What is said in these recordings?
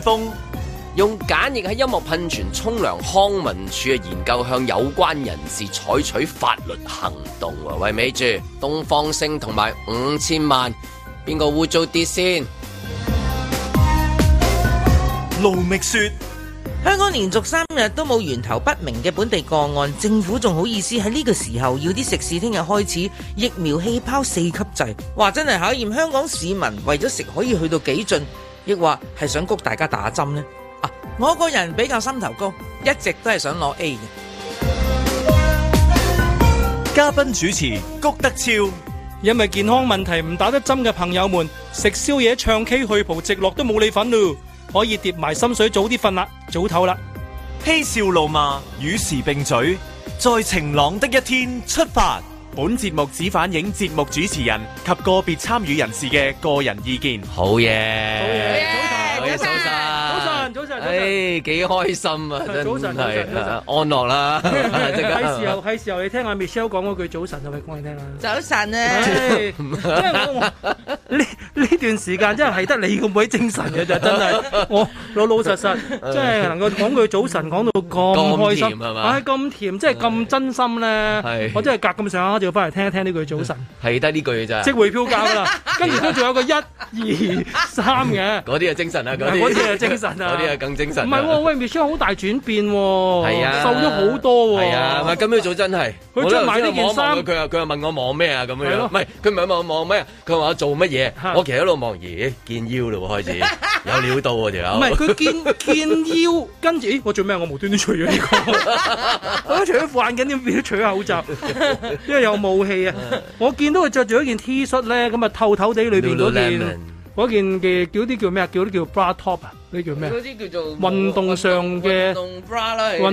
風用簡易喺音樂噴泉沖涼，康文署嘅研究向有關人士採取法律行動。喂，咪住，東方星同埋五千萬，邊個污糟啲先？盧覓雪：香港連續三日都冇源頭不明嘅本地個案，政府仲好意思喺呢個時候要啲食肆聽日開始疫苗氣泡四級制？哇，真係考驗香港市民為咗食可以去到幾盡。抑或係想谷大家打針呢？啊！我個人比較心頭高，一直都係想攞 A 嘅。嘉賓主持谷德超，因為健康問題唔打得針嘅朋友們，食宵夜、唱 K 去、去蒲、直落都冇你份咯。可以疊埋心水，早啲瞓啦，早唞啦。嬉笑怒罵，與時並嘴，在晴朗的一天出發。本節目只反映節目主持人及個別參與人士嘅個人意見。好嘢！好嘢！好嘅，多謝曬。早晨，哎，幾開心啊！早晨，早晨，安樂啦。係時候，係時候，你聽下 Michelle 講嗰句早晨，就俾講你聽啦。早晨咧，即係我呢呢段時間，真係得你咁鬼精神嘅，真係。我老老實實，即係能夠講句早晨，講到咁開心係嘛？哎，咁甜，即係咁真心咧。我真係隔咁上下就要翻嚟聽一聽呢句早晨。係得呢句咋？即會票價啦，跟住都仲有個一二三嘅。嗰啲係精神啊，嗰啲嗰啲係精神啊。啲啊，更精神，唔係，喂，Michelle 好大轉變喎，哦，係啊，瘦咗好多喎，係啊，咁樣做真係，佢着埋呢件衫，佢又佢又問我望咩啊咁樣樣？唔係，佢唔係問我望咩。啊？佢問、啊、問我做乜嘢，啊，我其實喺度望，咦、欸，見腰嘞喎開始， 有料到喎條友，唔係，佢見見腰， 跟住，咦，我做咩我無端端除咗呢個， 我除咗副眼鏡，點變咗除口罩，因為有霧氣啊，我見到佢着住一件 T 恤咧，咁啊透透地裏邊嗰件，嗰件嘅叫啲叫咩啊？叫啲叫 bra top 啊。呢叫咩？啲叫做運動上嘅運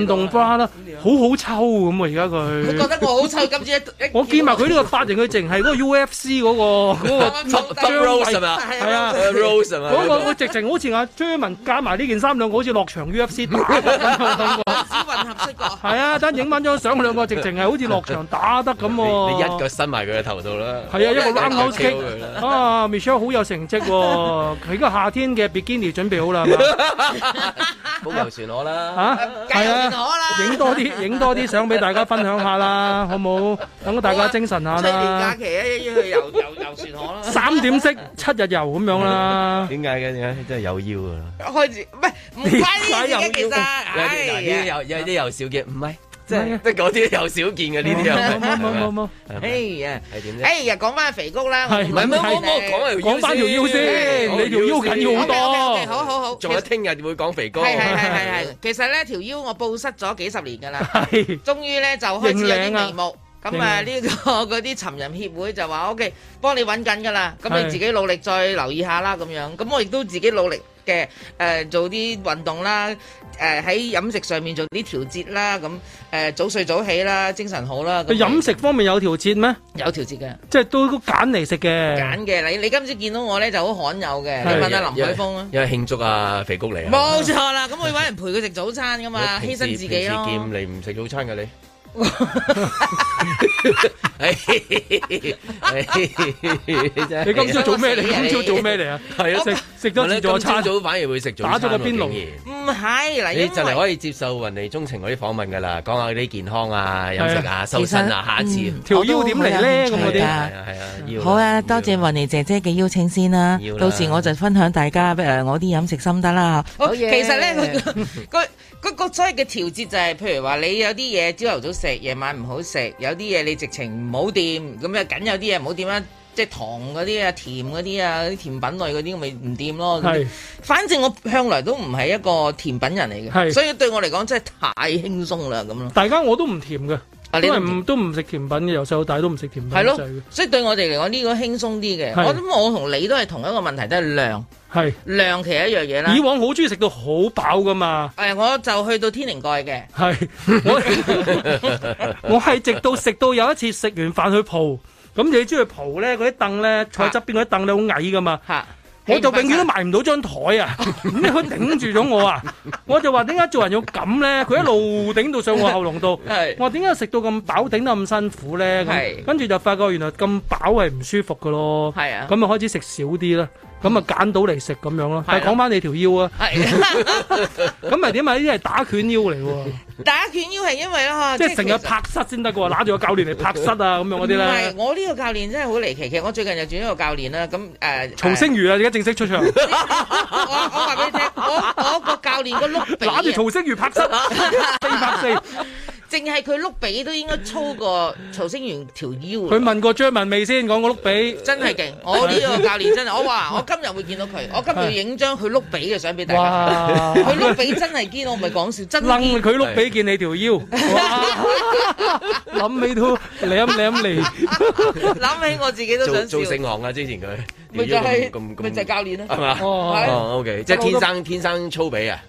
動 bra 啦，bra 啦，好好抽咁喎。而家佢，佢覺得我好抽，今次我見埋佢呢個髮型，佢淨係嗰個 UFC 嗰個嗰、哦 啊、什 個啊嗰直情好似阿 Jerm 加埋呢件衫，兩個好似落場 UFC，混合式個，係啊！但影翻張相，兩個直情係好似落場打得咁喎。你一腳伸埋佢嘅頭度啦！係 啊，一個 roundhouse kick 啊，啊，Michelle 好有成績喎、啊！係個夏天嘅 bikini 準備好啦～包遊船我啦。吓係啊，我啦，影多啲影多啲相，俾大家分享下啦，好唔好？等我大家精神下啦。春節假期一一去遊遊遊船河啦，三點式七日遊咁樣啦。點解嘅？點解真係有腰噶啦？開始唔係唔規規矩矩嘅，有啲有有啲有少嘅，唔係。即係即係嗰啲又少見嘅呢啲啊，冇冇冇冇，哎呀，係點啫？哎呀，講翻肥菊啦，係唔係？唔好唔好，講翻條腰先，你條腰緊要多。好好好，仲有聽日會講肥哥。係係係係係，其實咧條腰我報失咗幾十年㗎啦，終於咧就開始有啲眉目。咁啊呢個嗰啲尋人協會就話 OK，幫你揾緊㗎啦。咁你自己努力再留意下啦，咁樣。咁我亦都自己努力。嘅誒做啲運動啦，誒喺飲食上面做啲調節啦，咁誒早睡早起啦，精神好啦。佢飲食方面有調節咩？有調節嘅，即係都揀嚟食嘅。揀嘅，你你今次見到我咧就好罕有嘅。你問下林海峰啊，因為慶祝啊肥谷嚟。冇錯啦，咁我搵人陪佢食早餐㗎嘛，犧牲自己咯。平時平時見你唔食早餐嘅你。你今朝做咩嚟？今朝做咩嚟啊？係啊，食食咗啲早餐，早反而會食，打咗個邊爐。唔係，嗱，你就嚟可以接受雲尼鍾情嗰啲訪問噶啦，講下啲健康啊、飲食啊、瘦身啊，下一次條腰點嚟咧？嗰啲係啊，係啊，要好啊！多謝雲尼姐姐嘅邀請先啦，到時我就分享大家誒我啲飲食心得啦。好，其實咧佢。嗰個所謂嘅調節就係、是，譬如話你有啲嘢朝頭早食，夜晚唔好食；有啲嘢你直情唔好掂，咁啊梗有啲嘢唔好掂啦，即係糖嗰啲啊、甜嗰啲啊、啲甜品類嗰啲咪唔掂咯。係，反正我向來都唔係一個甜品人嚟嘅，所以對我嚟講真係太輕鬆啦咁咯。大家我都唔甜㗎。啊、因為唔都唔食甜品嘅，由細到大都唔食甜品。係咯，即、就、係、是、對我哋嚟講呢個輕鬆啲嘅。我諗我同你都係同一個問題，都係量，係量其實一樣嘢啦。以往好中意食到好飽噶嘛。誒、哎，我就去到天靈蓋嘅。係， 我我係直到食到有一次食完飯去蒲，咁 你中意蒲咧？嗰啲凳咧，坐側邊嗰啲凳咧，好、啊、矮噶嘛。啊我就永遠都埋唔到張台啊！佢 頂住咗我啊！我就話點解做人要咁咧？佢一路頂到上我喉嚨度， 我點解食到咁飽頂得咁辛苦咧？跟住就發覺原來咁飽係唔舒服㗎咯，咁咪開始食少啲啦。咁咪揀到嚟食咁樣咯，但係講翻你條腰啊，咁咪點啊？呢啲係打拳腰嚟喎，打拳腰係因為咧即係成日拍失先得嘅喎，攬住實個教練嚟拍失啊咁樣嗰啲啦。唔係，我呢個教練真係好離奇，奇，其實我最近就轉咗個教練啦，咁誒，呃、曹星如啊，而家正式出場。 我我話俾你聽，我我，我個教練個碌鼻攬住曹星如拍失四拍四。 淨係佢碌髀都應該粗過曹星如條腰。佢問過張文未先講個碌髀真係勁！我呢個教練真係，我話我今日會見到佢，我今日影張佢碌髀嘅相俾大家。佢碌髀真係堅，我唔係講笑。楞佢碌髀見你條腰。諗 起都你舐你諗起我自己都想笑。做做盛行啊、就是、啊！之前佢咪就係教練啦。係、啊、嘛？哦、啊、，OK，、嗯、即係天生天生粗髀啊！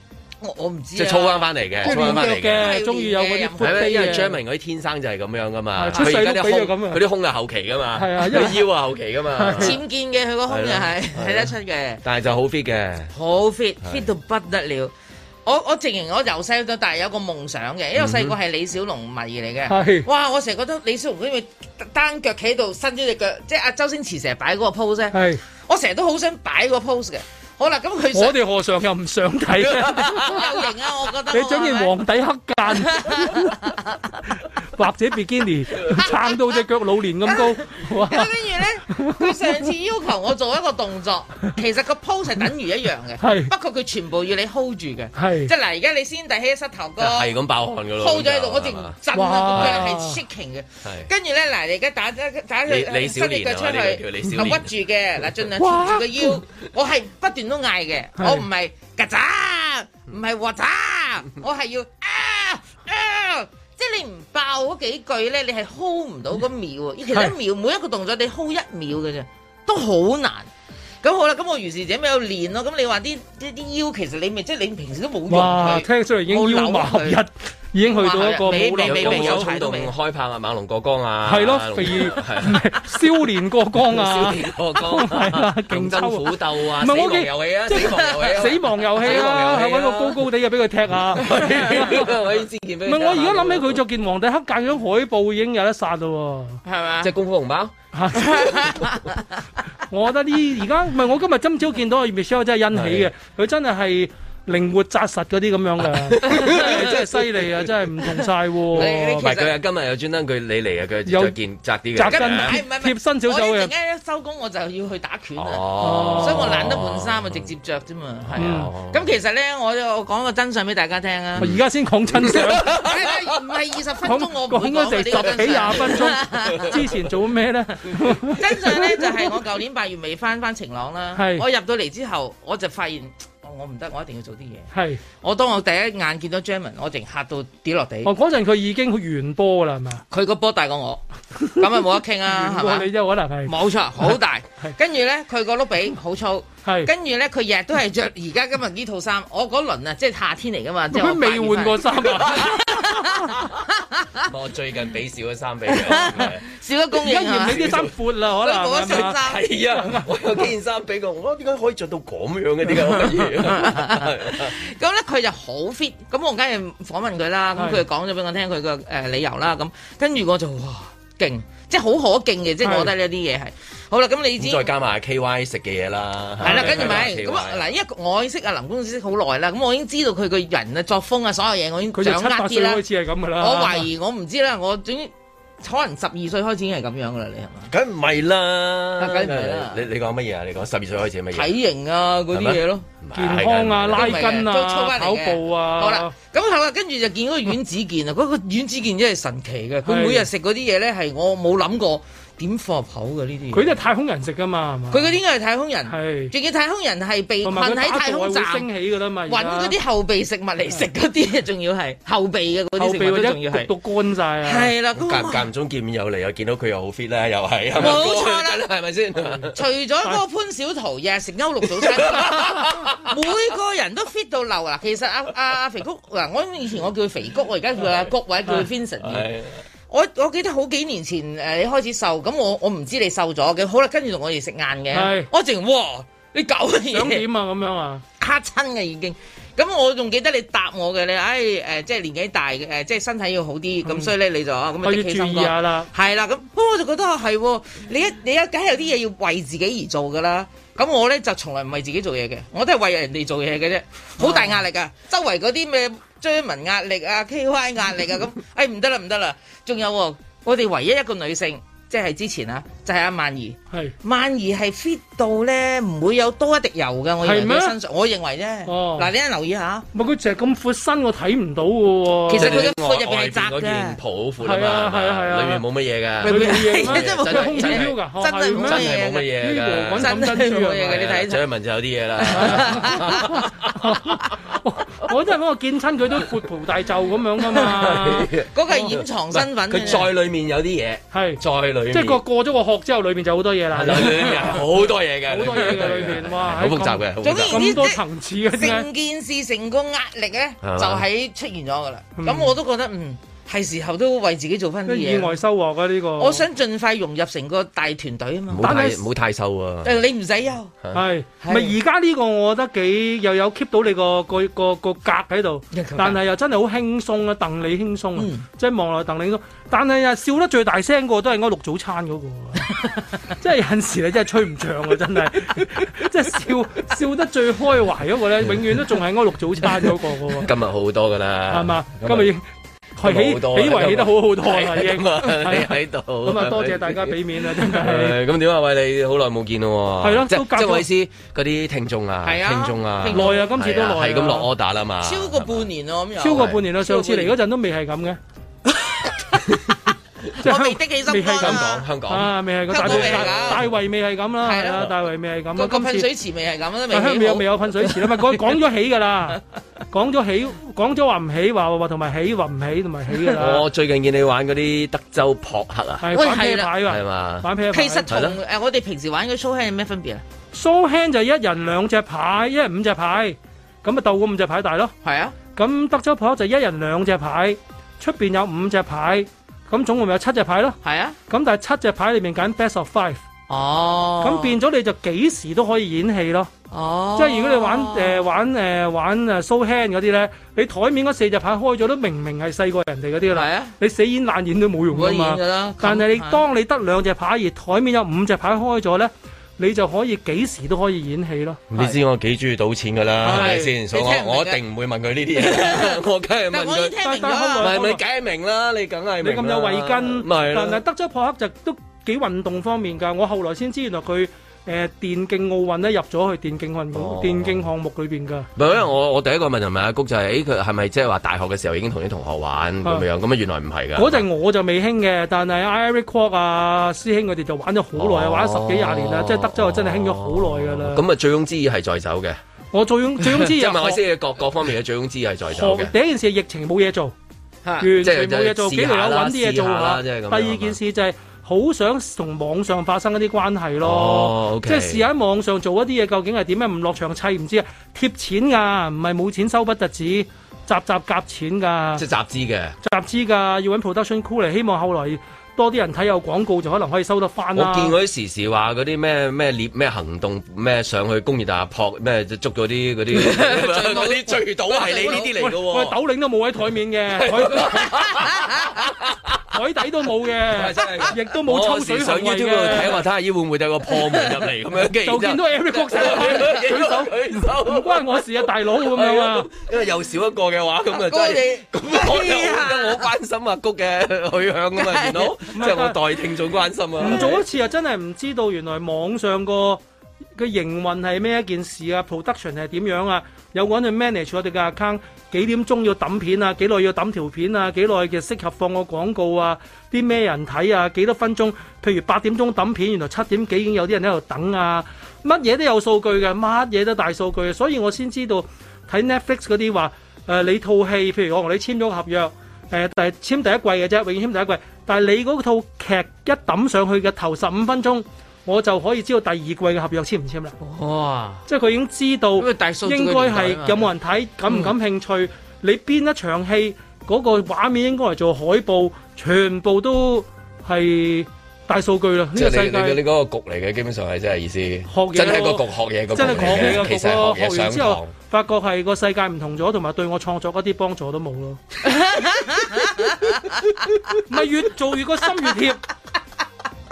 我唔知道、啊就操，即係粗翻翻嚟嘅，粗翻翻嚟嘅，終於有個隱伏，因為張明嗰啲天生就係咁樣噶嘛，佢而家啲胸佢啲、啊、胸就後期噶嘛，佢、啊、腰啊後期噶嘛、啊，僭建嘅，佢個胸又係睇得出嘅。但係就好 fit 嘅，好 fit，fit、啊、到不得了！啊、我我直情我由細到大，有個夢想嘅，因為我細個係李小龍迷嚟嘅、啊。哇，我成日覺得李小龍嗰啲單腳企喺度伸咗隻腳，即係阿周星馳成日擺嗰個 pose。係，我成日都好想擺個 pose 嘅。好啦，咁佢我哋和尚又唔想睇啊！有型啊，我覺得你中意黃底黑間，或者比基尼撐到隻腳老年咁高。跟住咧，佢上次要求我做一個動作，其實個 pose 係等於一樣嘅，不過佢全部要你 hold 住嘅，即係嗱，而家你先遞起一膝頭哥，係咁爆汗㗎喇。hold 咗喺度，我直震啊，個腳係 shaking 嘅。跟住咧，嗱，你而家打一打佢，伸條腳出去，扭屈住嘅，嗱，儘量貼住個腰，我係不斷。都嗌嘅，我唔係曱甴，唔係卧咋，我係要啊啊，即係你唔爆嗰幾句咧，你係 hold 唔到個秒，其實一秒每一個動作你 hold 一秒嘅啫，都好難。咁好啦，咁我如是者咪有練咯。咁你話啲啲啲腰，其實你咪即係你平時都冇用佢，聽出嚟已經腰馬合一。已經去到一個國未未未未有有衝動開炮啊，猛龍過江啊，係咯，啊、 少年過江啊，少年過江係啦，龍爭虎鬥啊，唔係我死亡遊戲啊，死亡遊戲啊，搵、 啊啊啊、個高高的嘅俾佢踢啊，唔 係是的 我而家諗起佢着件皇帝黑間樣海報已經有得殺啦、啊，係咪？即係功夫熊貓，我覺得呢而家唔係我今日今朝見到 Michelle 真係欣喜嘅，佢真係係。靈活扎實嗰啲咁樣嘅， 真係犀利啊！ 真係唔同晒喎。唔係佢啊，佢今日又專登佢你嚟啊，佢又健紮啲嘅、哎。貼身少少嘅。一陣間收工我就要去打拳啊，所以我懶得換衫啊、嗯，直接着啫嘛。係啊，咁、嗯、其實咧，我我講個真相俾大家聽啊。而家先講真相，唔係二十分鐘，我講呢、啊、個真相。講幾廿分鐘之前做咩咧？真相咧就係、是、我舊年八月尾翻翻晴朗啦。我入到嚟之後，我就發現。我唔得，我一定要做啲嘢。係我當我第一眼見到 Jerman，我直嚇到跌落地。哦，嗰陣佢已經完波㗎啦，係咪啊？佢個波大 過我，咁咪冇得傾啊，大過你啫，可能係。冇錯，好大。 跟住咧，佢個碌髀好粗。 跟住咧，佢日日都係着而家今日呢套衫。我嗰輪啊，即係夏天嚟㗎嘛。佢未換過衫 我最近俾 少咗衫俾佢，少咗工人啊！而家嫌你啲衫闊啦，我冇得選擇。係啊，我有幾件衫俾佢，我，我點解可以着到咁樣嘅，啊？點解可以、啊？咁 咧， 佢就好 fit，咁我梗係訪問佢啦。咁佢講咗俾我聽，佢嘅誒理由啦。咁跟住我就哇。勁，即係好可敬嘅，即係我覺得呢一啲嘢係。的好啦，咁、嗯、你知，再加埋 K Y 食嘅嘢啦。係啦對，跟住咪咁嗱，因為我識阿林公子識好耐啦，咁我已經知道佢個人嘅作風啊，所有嘢我已經掌握啲啦。佢就七八歲開始係咁噶啦。我懷疑我，的我唔知啦，我總。可能十二歲開始已經係咁樣噶啦，、啊、啦，你係嘛？梗唔係啦，梗唔係啦。你你講乜嘢啊？你講十二歲開始乜嘢？體型啊，嗰啲嘢咯，健康啊，拉筋啊，筋啊跑步啊。好啦，咁好啦，跟住就見嗰個阮子健啊，嗰 個阮子健真係神奇嘅。佢每日食嗰啲嘢咧，係我冇諗過。點符口嘅呢啲？佢都係太空人食㗎嘛？佢嗰啲應該係太空人，仲要太空人係被困喺太空站，升起嘅啦嘛，揾嗰啲後備食物嚟食嗰啲，仲要係後備嘅嗰啲食物，仲要係都乾晒，啦。係、那、啦、個，間間唔中見面又嚟，又見到佢又好 fit 啦，又係啊冇錯啦，係咪先？ 是是 除咗嗰個潘小桃，日日食歐陸早餐， 每個人都 fit 到流啦。其實阿、啊、阿、啊、肥谷嗱、啊，我以前我叫佢肥谷，我而家叫阿谷或者叫佢 Vincent 我我記得好幾年前誒、呃、你開始瘦咁、嗯、我我唔知你瘦咗嘅，好啦跟住同我哋食晏嘅，是我直情哇你搞乜嘢？長點啊咁樣啊，樣啊嚇親啊已經。咁、嗯嗯、我仲記得你答我嘅咧，唉誒、呃、即係年紀大嘅誒、呃，即係身體要好啲，咁、嗯、所以咧你就咁啊，嗯、注意下啦，係、嗯、啦咁。不、嗯、過我就覺得啊係，你一你一梗係有啲嘢要為自己而做噶啦。咁我咧就從來唔係自己做嘢嘅，我都係為人哋做嘢嘅啫，好大壓力噶，嗯、周圍嗰啲咩？追文壓力啊，KY 壓力啊，咁、啊，哎，唔得啦，唔得啦，仲有，我哋唯一一個女性，即係之前啊，就係阿萬儀，係萬儀係 fit 到咧，唔會有多一滴油嘅，我認為喺身上，我認為咧，嗱，你一留意一下，唔係佢淨係咁闊身，我睇唔到嘅，其實佢嘅闊入邊係窄嘅，件袍闊啊嘛，係啊係啊，啊，裏面冇乜嘢噶，冇乜嘢，真係冇乜嘢，真係冇乜嘢，你追文就，就有啲嘢啦。 我真係嗰個見親佢都闊袍大袖咁樣噶嘛，嗰 個係掩藏身份，佢、哦、在裏面有啲嘢，係在裏，即、就、係、是、過過咗個殼之後，裏面就好多嘢啦，好 多嘢嘅，好多嘢嘅裏面，裡面，哇，好複雜嘅，咁多層次嘅成件事成個壓力咧，就喺、是、出現咗噶啦，咁我都覺得嗯。係時候都為自己做翻啲嘢，意外收穫啊！呢個我想盡快融入成個大團隊啊嘛但。但係唔好太瘦啊。但係你唔使憂，係咪而家呢個我覺得幾又有 keep 到你個個個個格喺度，但係又真係好輕鬆啊！鄧你輕鬆啊，即係望落鄧你輕鬆。但係又笑得最大聲個都係安六早餐嗰個， 即係有陣時你真係吹唔脹啊！真係，即係笑笑得最開懷嗰個咧，永遠都仲係安六早餐嗰個噶。今日好多噶啦，係嘛？今日。今係以為起得好好多啦，喺喺度。咁啊，啊，啊，多謝大家俾面啊！真係。咁點啊，啊？喂，你好耐冇見咯喎，啊。係咯，啊，即即係啲嗰啲聽眾啊，啊！聽眾啊，耐啊，今次都耐啊，係咁落 order 啦嘛。超過半年咯，咁樣。超過半年啦，上次嚟嗰陣都未係咁嘅。 我未的起身，未係咁講，香港啊，未係個大圍，大圍未係咁啦，大圍未係咁。個噴水池未係咁啦，未。香港未未有噴水池啊嘛，講講咗起噶啦，講咗起，講咗話唔起，話話同埋起話唔起，同埋起噶啦。我最近見你玩嗰啲德州撲克啊，玩啤牌㗎，玩啤牌。其實同誒我哋平時玩嘅 show hand 有咩分別啊？show hand 就一人兩隻牌，一人五隻牌，咁啊鬥個五隻牌大咯。係啊，咁德州撲克就一人兩隻牌，出邊有五隻牌。咁總共咪有七隻牌咯，係啊，咁但係七隻牌裏面揀 best of five，哦，咁變咗你就幾時都可以演戲咯，哦，即係如果你玩誒、呃、玩、呃、玩、呃、玩 show hand 嗰啲咧，你台面嗰四隻牌開咗都明明係細過人哋嗰啲啦，係啊，你死演爛演都冇用㗎嘛，但係你當你得兩隻牌而台面有五隻牌開咗咧。你就可以幾時都可以演戲咯。你知我幾鍾意賭錢噶啦，係咪先？所以我我一定唔會問佢呢啲嘢。我梗係問佢。但係我已經聽明啦。唔係唔係解明啦，你梗係。你咁有慧根。係啦。但係德州撲克就都幾運動方面㗎。我後來先知原來佢。誒、呃，電競奧運咧入咗去電競運、哦，電競項目裏邊噶。唔係，我我第一個問題問，問阿谷就係、是，誒佢係咪即係話大學嘅時候已經同啲同學玩咁樣？咁啊原來唔係噶。嗰陣我就未興嘅，但係 Eric Cock 啊師兄佢哋就玩咗好耐，玩咗十幾廿年啦、哦。即係德州真係興咗好耐噶啦。咁、哦、啊，哦哦、最攏之意係在手嘅。我最攏之意，即係我嘅各各方面嘅最攏之意係在手嘅。第一件事係疫情冇嘢做， 完全冇嘢做，幾條友揾啲嘢做、就是。第二件事就係、是。好想同網上發生一啲關係咯，哦 okay。即係試喺網上做一啲嘢，究竟係點樣？唔落場砌唔知啊，貼錢㗎，唔係冇錢收不特止，集集夾錢㗎，即係集資嘅，集資㗎，要揾 production crew 嚟，希望後來多啲人睇有廣告，就可能可以收得翻。我見佢時時時話嗰啲咩咩獵咩行動咩上去工業大廈撲咩捉咗啲嗰啲，嗰啲聚倒，係你呢啲嚟嘅喎，斗領都冇喺台面嘅。 我 海底都冇嘅，亦都冇抽水嘅，我有時上 YouTube 度睇話，睇下依會唔會有一個破門入嚟咁樣，就， 就見到 Eric 谷成舉手舉手，手 唔關我事啊，大佬咁樣啊。 因為又少一個嘅話，咁啊真係。咁 我又關心阿谷嘅去向啊嘛，見到，即係我代聽咗關心啊。唔、 就是做，啊、 做一次啊，真係唔知道原來網上個嘅營運係咩一件事啊，production 係點樣啊，有冇人去 manage 我哋嘅 account？幾點鐘要揼片啊？幾耐要揼條片啊？幾耐嘅適合放個廣告啊？啲咩人睇啊？幾多分鐘？譬如八點鐘揼片，原來七點幾已經有啲人喺度等啊！乜嘢都有數據嘅，乜嘢都大數據，所以我先知道睇 Netflix 嗰啲話，誒、呃、你套戲，譬如我同你簽咗個合約，誒、呃、第簽第一季嘅啫，永遠簽第一季。但係你嗰套劇一揼上去嘅頭十五分鐘，我就可以知道第二季嘅合約簽唔簽啦。哇！即係佢已經知道應該係有冇人睇，嗯、感唔感興趣？嗯、你邊一場戲嗰、嗰個畫面應該係做海報，全部都係大數據啦。呢、就是呢個世界即你你嗰個局嚟嘅，基本上係真係意思，學真係一局學嘢嘅真係講嘢嘅局。其實學，上學，完學完之後，發覺係個世界唔同咗，同埋對我創作一啲幫助都冇咯。唔 係 越做越個心越貼。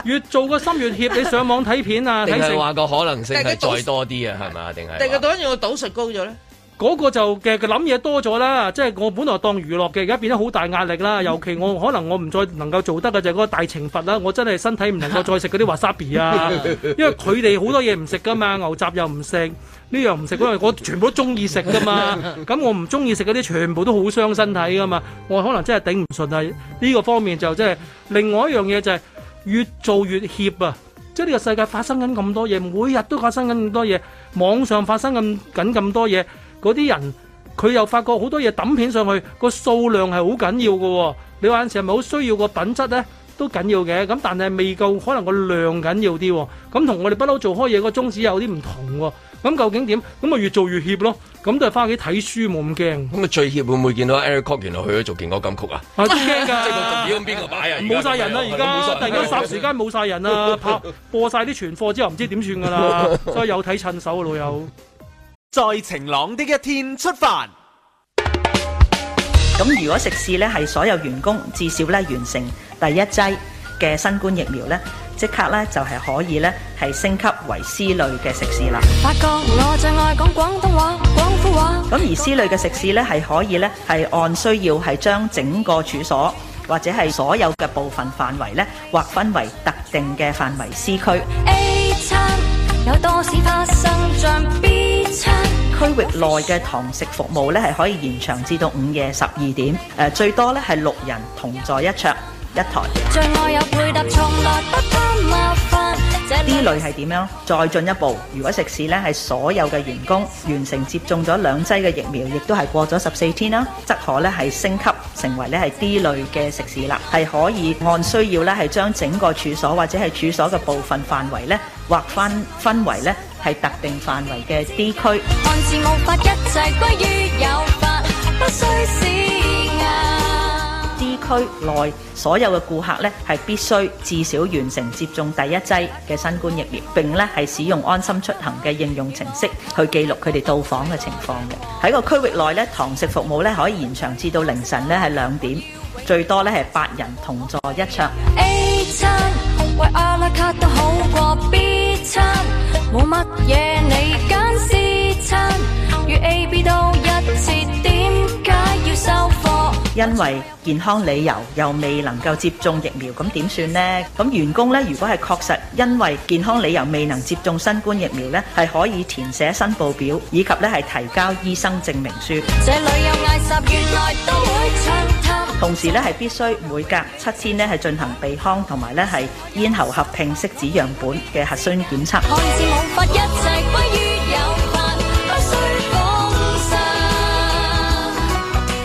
越做個心越怯，你上網睇片啊！定係話個可能性係再多啲啊？係咪定係定個賭，如果賭術高咗咧，嗰個就嘅佢諗嘢多咗啦。即係我本來當娛樂嘅，而家變得好大壓力啦。尤其我可能我唔再能夠做得嘅就係嗰個大懲罰啦。我真係身體唔能夠再食嗰啲華沙比啊， 因為佢哋好多嘢唔食噶嘛，牛雜又唔食呢樣唔食嗰樣，我全部都中意食噶嘛。咁我唔中意食嗰啲，全部都好傷身體噶嘛。我可能真係頂唔順啊！呢個方面就即係另外一樣嘢就係。越做越怯啊！即係呢個世界發生緊咁多嘢，每日都發生緊咁多嘢，網上發生咁緊咁多嘢，嗰啲人佢又發覺好多嘢抌片上去，個數量係好緊要嘅啊。你話有陣時係咪好需要個品質咧？都緊要嘅。咁但係未夠，可能個量緊要啲啊。咁同我哋不嬲做開嘢個宗旨有啲唔同喎。咁究竟點？咁咪越做越怯咯。咁就翻屋企睇書，冇咁驚。咁啊最怯會唔會見到 Eric、Kok、原來去咗做勁歌金曲啊？唔驚噶，即係個目標邊度擺啊？冇晒、啊、 即是 人啦，而家突然間霎時間冇晒人啦，拍人 播晒啲存貨之後，唔知點算噶啦。 所以有睇趁手嘅、啊、老友，在 晴朗啲的一天出發。咁如果食肆咧係所有員工至少咧完成第一劑嘅新冠疫苗咧？即刻咧就係可以咧係升級為 C 類嘅食肆啦。發覺我最愛講廣東話、廣府話。咁而 C 類嘅食肆咧係可以咧係按需要係將整個處所或者係所有嘅部分範圍咧劃分為特定嘅範圍 C 區。A 餐有多少發生？像 B 餐區域內嘅堂食服務咧係可以延長至到午夜十二點。誒，最多咧係六人同坐一桌。D 類係點樣？再進一步，如果食肆呢係所有嘅員工完成接種咗兩劑嘅疫苗，亦都係過咗十四天啦，則可呢係升級成為呢係 D 類嘅食肆啦，係可以按需要呢係將整個處所或者係處所嘅部分範圍呢劃翻分為呢係特定範圍嘅 D 區。區內所有嘅顧客咧，係必須至少完成接種第一劑嘅新冠疫苗，並呢係使用安心出行嘅應用程式去記錄佢哋到訪嘅情況嘅。喺個區域內呢，堂食服務呢可以延長至到凌晨呢係兩點，最多呢係八人同坐一桌。因為健康理由又未能夠接種疫苗，咁點算呢？咁員工咧，如果係確實因為健康理由未能接種新冠疫苗咧，係可以填寫申報表，以及咧係提交醫生證明書。原來都會同時咧係必須每隔七天咧係進行鼻腔同埋咧係咽喉合併拭子樣本嘅核酸檢測。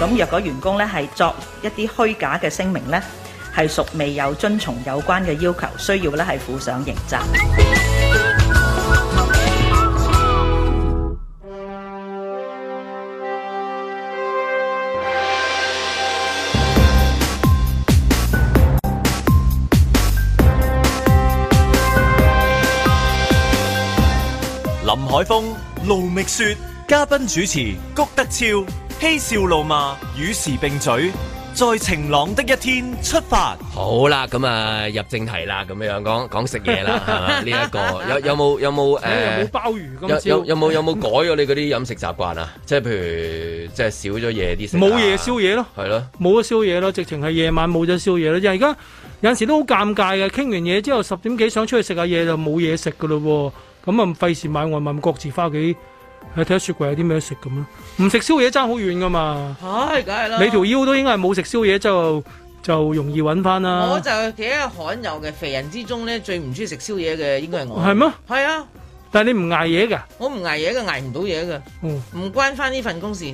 咁若果員工咧係作一啲虛假嘅聲明咧，係屬未有遵從有關嘅要求，需要咧係負上刑責。林海峰、盧覓雪，嘉賓主持谷德昭。嬉笑怒罵與時並嘴，在晴朗的一天出發。好啦，咁啊入正題啦，咁樣講講食嘢啦，呢一、 這個有有冇有冇誒，有冇鮑 呃、魚咁有有冇有冇改咗你嗰啲飲食習慣啊？即 係譬如即係少咗夜啲食、啊，冇夜宵嘢咯，係咯，冇咗宵夜咯，直情係夜晚冇咗宵夜咯。因為而家有陣時都好尷尬嘅，傾完嘢之後十點幾想出去食下嘢就冇嘢食噶咯，咁啊費事買外賣，各自返屋企。睇下雪櫃有啲咩食咁咯，唔食宵夜爭好遠噶嘛。嚇、啊，梗係啦。你條腰都應該係冇食宵夜就就容易揾翻啦。我就企喺罕有嘅肥人之中咧，最唔中意食宵夜嘅應該係我。係、哦、咩？係啊，但係你唔捱夜㗎。我唔捱夜嘅，捱唔到夜嘅。唔、哦、關翻呢份工事，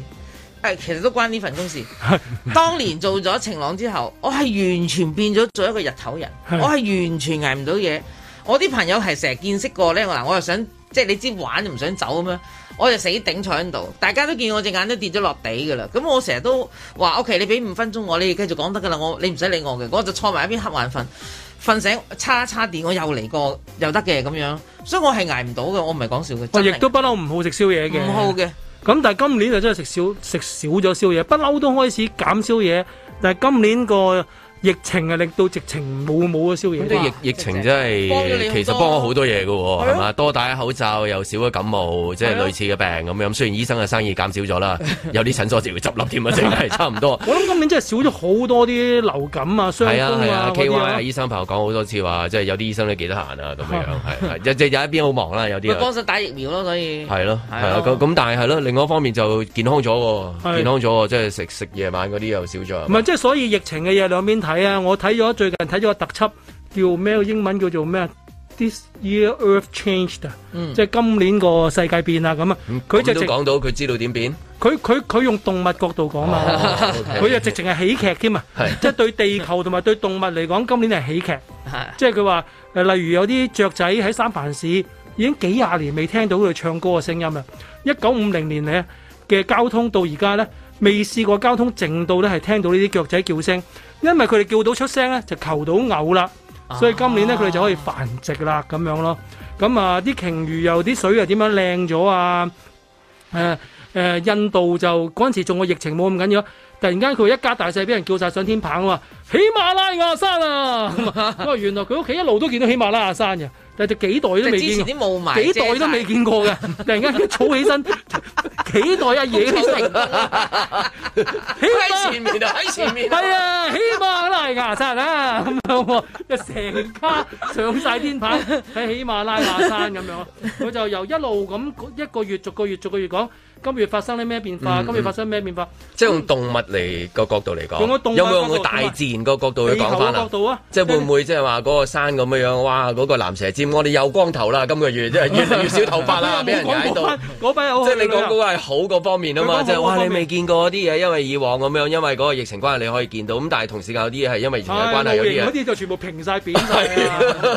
誒，其實都關呢份工事。係。 當年做咗晴朗之後，我係完全變咗做一個日頭人。係我係完全捱唔到夜！我啲朋友係成日見識過咧，嗱，我又想即係、就是、你知玩就唔想走咁樣。我就死頂坐喺度，大家都見我隻眼都跌咗落地㗎啦。咁我成日都話：OK，你俾五分鐘我，你繼續講得㗎啦。我你唔使理我嘅，我就坐埋一邊瞌眼瞓。瞓醒，叉叉電，我又嚟過又得嘅咁樣。所以我係捱唔到嘅，我唔係講笑嘅。我亦都不嬲唔好食宵夜嘅，唔好嘅。咁但係今年就真係食少食少咗宵夜，不嬲都開始減宵夜。但係今年個，疫情啊，令到直情冇冇嘅宵夜啊！疫疫情真係，其實幫我好多嘢嘅喎，係嘛？多戴口罩又少咗感冒，即係類似嘅病咁樣。雖然醫生嘅生意減少咗啦，有啲診所直接執笠添啊，正係差唔多。我諗今年真係少咗好多啲流感啊、傷風啊、KY 啊。醫生朋友講好多次話，即係有啲醫生都幾得閒啊，咁樣係即係有一邊好忙啦，有啲。幫手打疫苗咯，所以係咯，係啊咁但係係咯。另外一方面就健康咗喎，健康咗喎，即係食食夜晚嗰啲又少咗。唔係，即係所以疫情嘅嘢兩邊。睇啊！我睇咗最近睇咗個特輯，叫咩英文叫做咩？This Year Earth Changed 啊、嗯，即係今年個世界變啊。咁啊，佢、嗯、就直講到佢知道點變。佢佢佢用動物角度講啊，佢、哦、又、哦 okay， 直情係喜劇添啊，即係、就是、對地球同埋對動物嚟講，今年係喜劇。即係佢話誒，例如有啲雀仔喺三藩市已經幾廿年未聽到佢唱歌嘅聲音啊。一九五零年嘅嘅交通到而家咧，未試過交通靜到咧係聽到呢啲雀仔叫聲。因為佢哋叫到出聲咧，就求到牛啦，所以今年咧佢哋就可以繁殖啦咁樣咯。咁啊，啲鯨魚又啲水又點樣靚咗啊，啊，啊，印度就嗰陣時仲個疫情冇咁緊要，突然間佢一家大細俾人叫晒上天棚喎，喜馬拉雅山啊！ 原來佢屋企一路都見到喜馬拉雅山嘅。就幾代都未見，幾代都未見過嘅，突然間一湧起身，幾代阿爺起身，喺前面啊，喺前面，係啊，喜馬拉雅山啊，咁樣，一成家上晒天棚喺喜馬拉雅山咁樣，佢就由一路咁一個月，逐個月，逐個月講。今月發生啲咩變化、嗯嗯？今月發生咩變化？即係用動物嚟個角度嚟講，有冇用大自然個角度去講翻啊？即係會唔會即係話嗰個山咁樣？哇！嗰、那個蚺蛇尖，我哋又光頭啦！今個月即係越嚟越少頭髮啦，俾 人踩到、那個那個。即係你講嗰個係好個方面啊嘛！即係、就是、哇，你未見過啲嘢，因為以往咁樣，因為嗰個疫情關係，你可以見到。咁但係同時又有啲嘢係因為疫情關係有些，有啲嘢嗰啲就全部平晒、扁晒。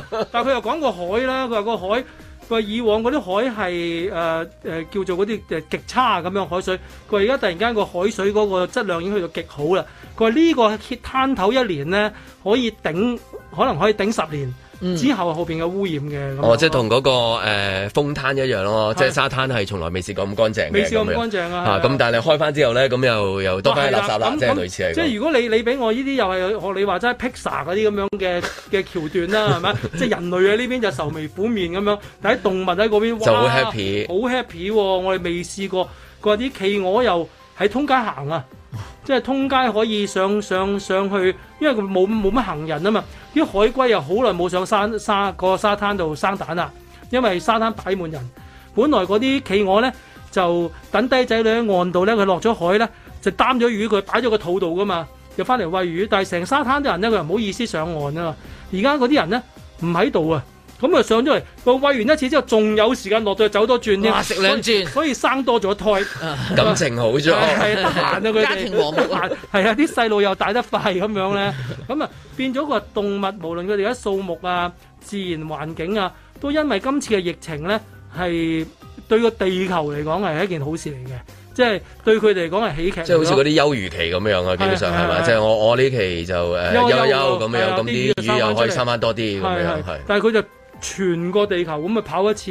但係佢又講過海啦，佢話個海。佢話以往嗰啲海係誒、呃、叫做嗰啲誒極差咁樣海水，佢話而家突然間個海水嗰個質量已經去到極好啦。佢話呢個灘頭一年咧可以頂，可能可以頂十年。嗯、之後後面有污染嘅，哦，啊、即同嗰、嗰個誒、呃、風灘一樣咯，即係沙灘係從來未試過咁乾淨，未試過咁乾淨啊！咁、啊啊、但係你開翻之後咧，咁又又多返垃圾啦、啊啊啊就是嗯嗯，即係類似係即係如果你你俾我呢啲又係學你話齋 Pixar 嗰啲咁樣嘅嘅橋段啦，係 咪？即係人類喺呢邊就愁眉苦面咁樣，但係動物喺嗰邊就哇，好 happy，好 happy 喎！我哋未試過，嗰啲企鵝又喺通街行啊。 因為通街可以上上上去，因為佢冇冇乜行人啊嘛。啲海龜又好耐冇上沙沙，個沙灘度生蛋啦，因為沙灘擺滿人。本來嗰啲企鵝咧就等低仔女喺岸度咧，佢落咗海咧就擔咗魚佢擺咗個肚度噶嘛，就翻嚟餵魚。但係成沙灘啲人咧，佢又唔好意思上岸啊嘛。而家嗰啲人咧唔喺度啊。咁啊上咗嚟，個餵完一次之後，仲有時間落咗走多轉添，所以生多咗胎，感情好咗。係得閒啊佢、啊、家庭和啊，啲細路又大得快咁樣咧，咁 啊變咗個動物，無論佢哋嘅數目啊、自然環境啊，都因為今次嘅疫情咧，係對個地球嚟講係一件好事嚟嘅，即、就、係、是、對佢哋嚟講係喜劇。即係好似嗰啲休漁期咁樣啊，基本上係嘛？即係、啊啊就是、我我呢期就誒休一休咁樣，咁啲魚又可以生翻多啲咁樣係。但係佢就全個地球咁咪跑一次